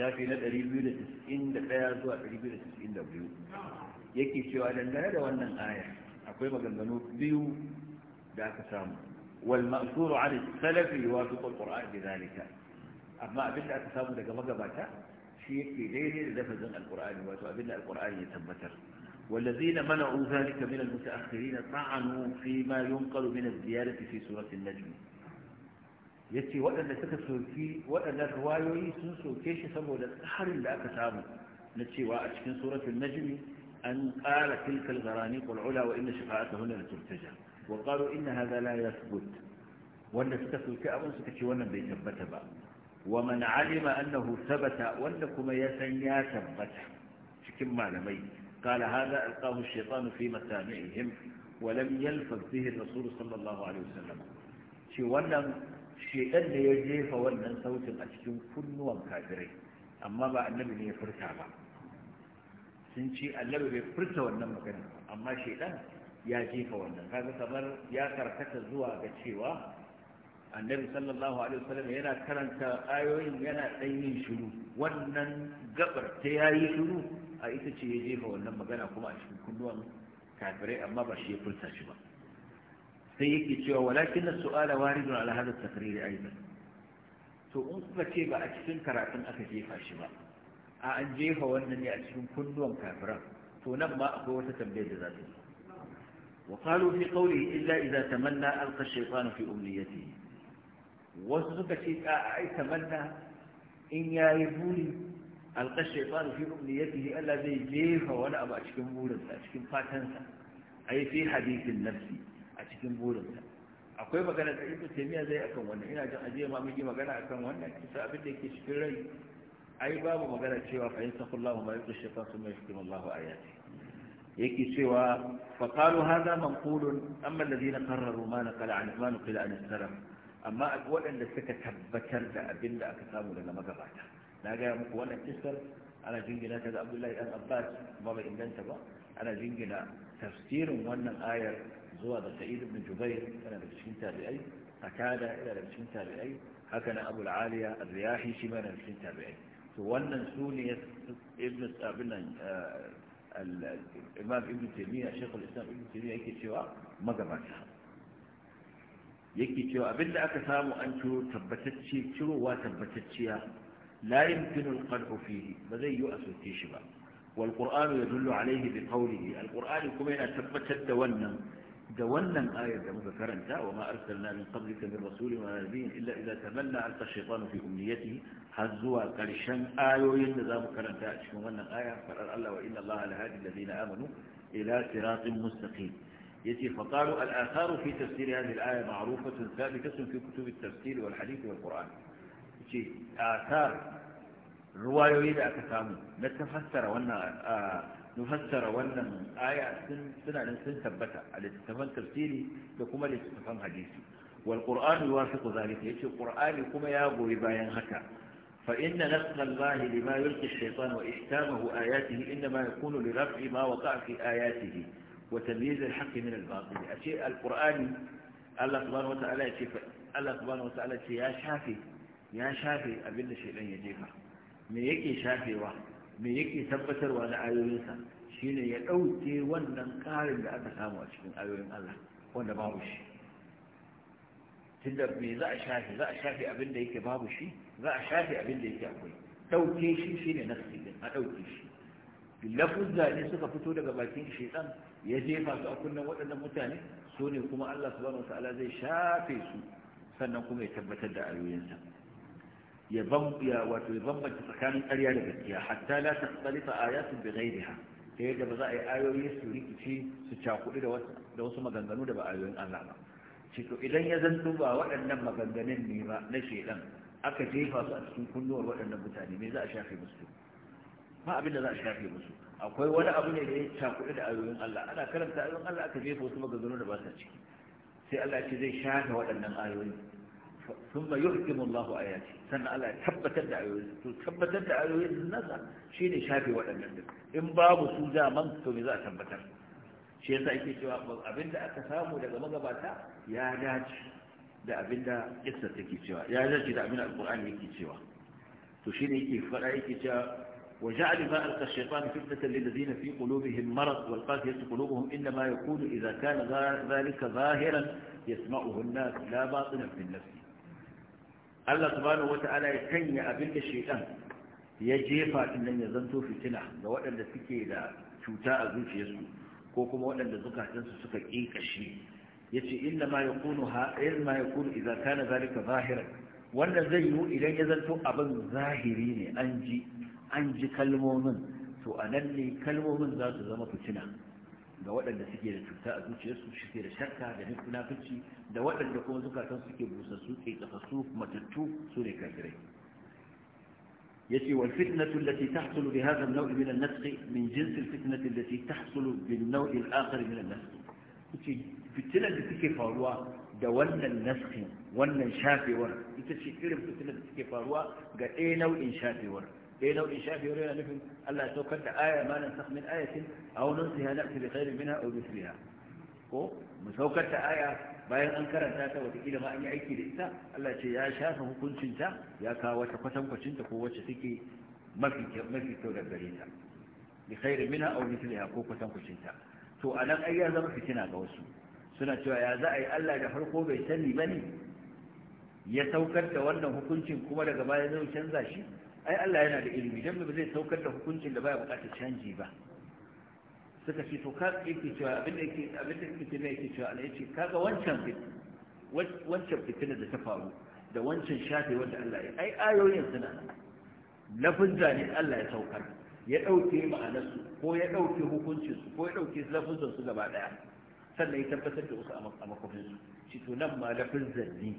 shafi na 291 zuwa 292 yake cewa dangane da wannan aya akwai maganganu biyu da aka samu wal ma'thuru 'ala as-salaf yuwafiqu al-qur'an bidhalika amma abinda aka samu daga magabata shi yake daidai da lafazin alqur'ani wato abinda alqur'ani ya tabbatar والذين منعوا ذلك من المتأخرين طعنوا فيما ينقل من الزيادة في سورة النجم yace waɗanda suka soki waɗannan ruwayoyi sun soke shi saboda tsarin da aka samu na cewa a cikin suratul najmi an qala tilka al-gharani qul ula wa inna shafa'atahunna la turtaja wa qalu inna hadha la yathbut wanda suka soki abin suka ce wannan bai tabbata ba wa man annahu sabata wanda kuma ya san ya tabbata cikin malamai قال هذا ألقاه الشيطان في مسامعهم ولم يلفظ به الرسول صلى الله عليه وسلم شي wannan shedan ne ya jefa wannan sautin a cikin kunnuwan kafirai amma ba annabi ne ya furta ba sun ce annabi bai furta wannan magana amma shedan ya jefa wannan kaga kamar ya karkata zuwa ga cewa annabi sallallahu alaihi wasallam yana karanta ayoyin yana ɗan yin shiru wannan gabar ta yayi shiru a ita ce ya jefa wannan magana kuma a cikin kunnuwan kafirai amma ba shi ya furta shi ba sai yake cewa walakin na su'ala waridun ala hadha takrir aidan to in kuka ce ba a cikin karatun aka jefa shi ba a an jefa wannan ne a cikin kunnuwan kafiran to nan ma akwai wata tambayar da za ta yi وقالوا في قوله إلا إذا تمنى ألقى الشيطان في أمنيته wasu suka ce a ai tamanna in ya yi buri alƙar shaifanu fi umniyatihi Allah zai jefa wani abu a cikin burinsa a cikin fatansa a yi fi hadithin nafsi a cikin burinsa akwai magana da ibnu taymiya zai akan wannan ina jin ajiye ma miki magana akan wannan kisa abin da yake cikin rai ai babu magana cewa fa yansahu Allahu ma yuqi shaytan thumma yuhkimu Allahu ayati yake cewa fa qalu hadha manqulun amma alladhina qarraru ma naqala an ma naqala an as-salaf amma waɗanda suka tabbatar da abin da aka samu daga magabata na gaya muku wannan kisar ana jingina ta ga abdullahi dan abbas ba bai inganta ba ana jingina tafsirin wannan ayar zuwa da sa'id ibn jubair yana daga cikin tabi'ai qatada yana daga cikin tabi'ai haka na abul aliya shi ma yana daga cikin tabi'ai to wannan sune ibn abin الإمام ابن تيمية شيخ cewa magabata yake cewa abinda aka samu an ciro tabbatacce cirowa tabbatacciya لا يمكن القلع فيه يؤثر يؤس شباب والقرآن يدل عليه بقوله القرآن كما يتبت الدونا دونا آية مذكرا وما أرسلنا من قبلك من رسول ولا نبي إلا إذا تمنى ألقى الشيطان في أمنيته هزوا قرشا آية نظام كرنتا أشمونا آية فقال الله وإن الله لهادي الذين آمنوا إلى صراط مستقيم يتي فقالوا الآثار في تفسير هذه الآية معروفة ثابتة في كتب التفسير والحديث والقرآن ce asar ruwayoyi da aka samu na tafassara wannan nufassara wannan aya sun suna nan sun tabbata a littattafan tafsiri da kuma littattafan hadisi wal qur'anu yuwafiqu zalika yace qur'ani kuma ya goyi bayan haka fa inna nasra allahi lima yulqi ash-shaytan wa ihtamahu ayatihi inma yakunu li raf'i ma waqa'a fi ayatihi wa tamyiz al-haqq min al-batil ashe al-qur'ani Allah subhanahu wa ta'ala yace Allah subhanahu wa ta'ala ya shafi ya shafe abinda shaidan ya jefa me yake shafewa me yake tabbatarwa na ayoyinsa shine ya ɗauke wannan ƙarin da aka samu a cikin ayoyin Allah wanda babu shi tunda me za a shafe za a shafe abinda yake babu shi za a shafe abinda yake akwai ɗauke shi shine nafsi din a dauke shi da ne suka fito daga bakin shaitan ya jefa su a kunnen waɗannan mutane So ne kuma Allah subhanahu ta'ala zai shafe su sannan kuma ya tabbatar da ayoyinsa ya wato ya bambanta tsakanin ƙarya da gaskiya hatta la tasalifa ayatun bi ghayriha ta yadda ba za a yi ayoyi su rikice su cakuɗi da wasu maganganu da ba ayoyin Allah ba Cito idan ya zan duba waɗannan maganganun ne ba na shaidan, aka jefa su a cikin kunnuwar waɗannan mutane me za a shafe musu ba abin da za a shafe musu akwai wani abu ne da ya cakuɗi da ayoyin Allah ana karanta ayoyin Allah aka jefa wasu maganganu da ba sa ciki sai Allah ce zai shafe waɗannan ayoyin. ثم يحكم الله آياته سنة الله تبت الدعوين تبت الدعوين الناس شيء شافي وأن إن باب سوزا من تمزا تبت شيء سأيكي سواء أبن دا أتسامو لغا مغباتا يا جاج دا أبن دا قصة تكي سواء يا جاج دا أبن القرآن يكي سواء تشير يكي فرأي يكي سواء وجعل ما ألقى الشيطان فتنة للذين في قلوبهم مرض والقاسية قلوبهم إنما يكون إذا كان ذلك ظاهرا يسمعه الناس لا باطنا في النفس Allah subhanahu wata'ala ya sanya abin da shaitan ya jefa din ya zanto fitina ga waɗanda suke da cuta a zuciyarsu ko kuma waɗanda zukatansu suka Ya yace inda ma kunu, ha ilma yakunu idza kana zalika zahiran wannan zai yiwu idan ya zanto abin zahiri ne an ji an ji kalmomin to nan ne kalmomin za su zama fitina da waɗanda suke da cuta a zuciyarsu suke da shakka da nufinafirci da waɗanda kuma zukatan suke busassu ke kasassu matattu su ne kafirai yace wal fitnatu allati tahsulu bi hadha an-naw' min an-nafs min jins al-fitnati allati tahsulu bin naw' al-akhar min an-nafs yace fitnar da take faruwa da wannan naskin wannan shafewar ita ce irin fitnar da take faruwa ga ɗaya nau'in shafewar dai nau'in shafi yana nufin Allah ya saukar da aya ma nan min ayatin aw nunsiha na'ti bi khairin minha aw mithliha ko mu saukar da aya bayan an karanta ta wata wataƙila ma an yi aiki da ita Allah ce ya shafa ta ya kawo wata ta ko wacce take mafi kyau da gare ta bi khairin minha aw mithliha ko ta. to a nan ai ya zama fitina ga wasu suna cewa ya za a yi Allah da farko bai sani ba ne ya saukar da wannan hukuncin kuma daga baya zai canza shi ai Allah yana da ilimi dan ba zai saukar da hukuncin da baya bukatar canji ba suka ce to ka yake cewa abin da yake abin da yake ne yake cewa Allah yace kaga wancan wancan fitina da ta faru da wancan shafe wanda Allah ya ai ayoyin suna lafin zane Allah ya saukar ya dauke ma'anarsu ko ya dauke hukuncinsu ko ya dauke su gaba daya sannan ya tabbatar da wasu a makofinsu shi to nan ma lafin zanni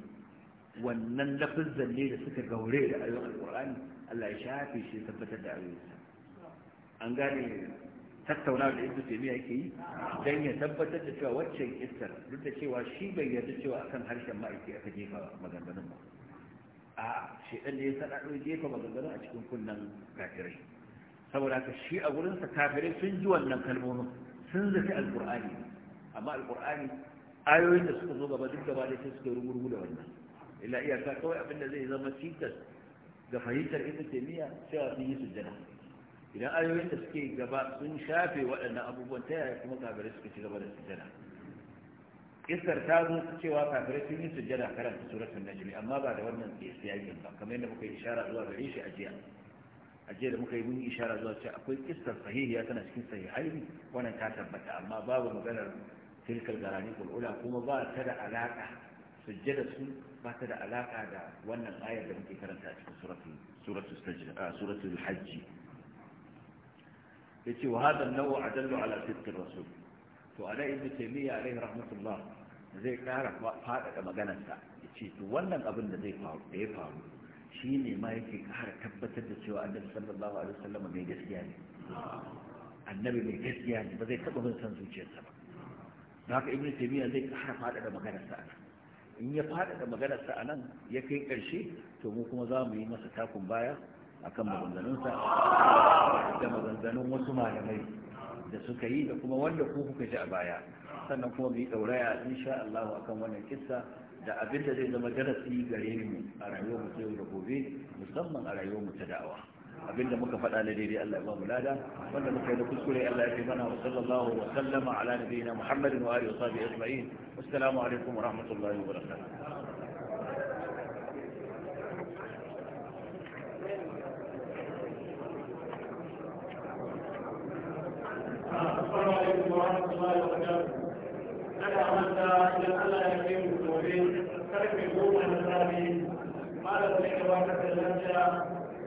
wannan lafin zanne da suka gaure da ayoyin alkur'ani Allah ya shafe shi tabbatar da ayoyinsa an gane tattauna da ibnu taymiya yake yi dan ya tabbatar da cewa waccan kissar duk da cewa shi bai yarda cewa akan harshen ma'aiki aka jefa maganganun ba a dan ne ya sada jefa maganganun a cikin kunnen kafirai saboda haka shi a gurinsa kafirai sun ji wannan kalmomin sun zafi alkur'ani amma alkur'ani ayoyin da suka zo gaba duk gaba da sai suka rugurgu da wannan illa iyaka kawai abinda zai zama cikas ga fahimtar ibn taymiya cewa sun yi sujjada idan ayoyin da suke gaba sun shafe waɗannan abubuwan ta yaya kuma kafirai suka ci gaba da sujjada iskar ta zo cewa kafirai sun yi sujjada karanta suratul najmi amma ba da wannan siyakin ba kamar yadda muka yi ishara zuwa gare shi a jiya a jiya da muka yi mun ishara zuwa cewa akwai iskar sahihiya tana cikin sahihaini wannan ta tabbata amma babu maganar tilkal garani kul'ula kuma ba ta da alaƙa. sujjada su ba ta da alaka da wannan ayar da muke karanta a cikin suratul Hajji. sajda ce, hajj yace wa hada an-nawu adallu ala sittir rasul to ana ibnu taymiya alaihi rahmatullah zai kara faɗaɗa maganarsa ya ce to wannan abin da zai faru da ya faru shi ne ma yake kara tabbatar da cewa annabi sallallahu alaihi wasallam mai gaskiya ne annabi mai gaskiya ne ba zai taɓa bin san zuciyarsa ba da haka ibnu taymiya zai kara faɗaɗa maganarsa a in ya faɗaɗa maganarsa a nan ya kai ƙarshe to mu kuma za mu yi masa takun baya kan maganganunsa da maganganun wasu malamai da suka yi da kuma wanda ku kuka ji a baya sannan kuma mu yi ɗauraya insha Allah akan wannan kissa da abin da zai zama darasi gare mu a rayuwar mu ta yau da gobe musamman a rayuwar mu ta da'awa abinda muka faɗa na daidai Allah ya ba mu lada wanda muka yi da kuskure Allah ya fi mana wa sallallahu wa sallama ala nabiyina Muhammadin wa alihi wa sahbihi ajma'in assalamu alaikum wa rahmatullahi wa barakatuh السلام عليكم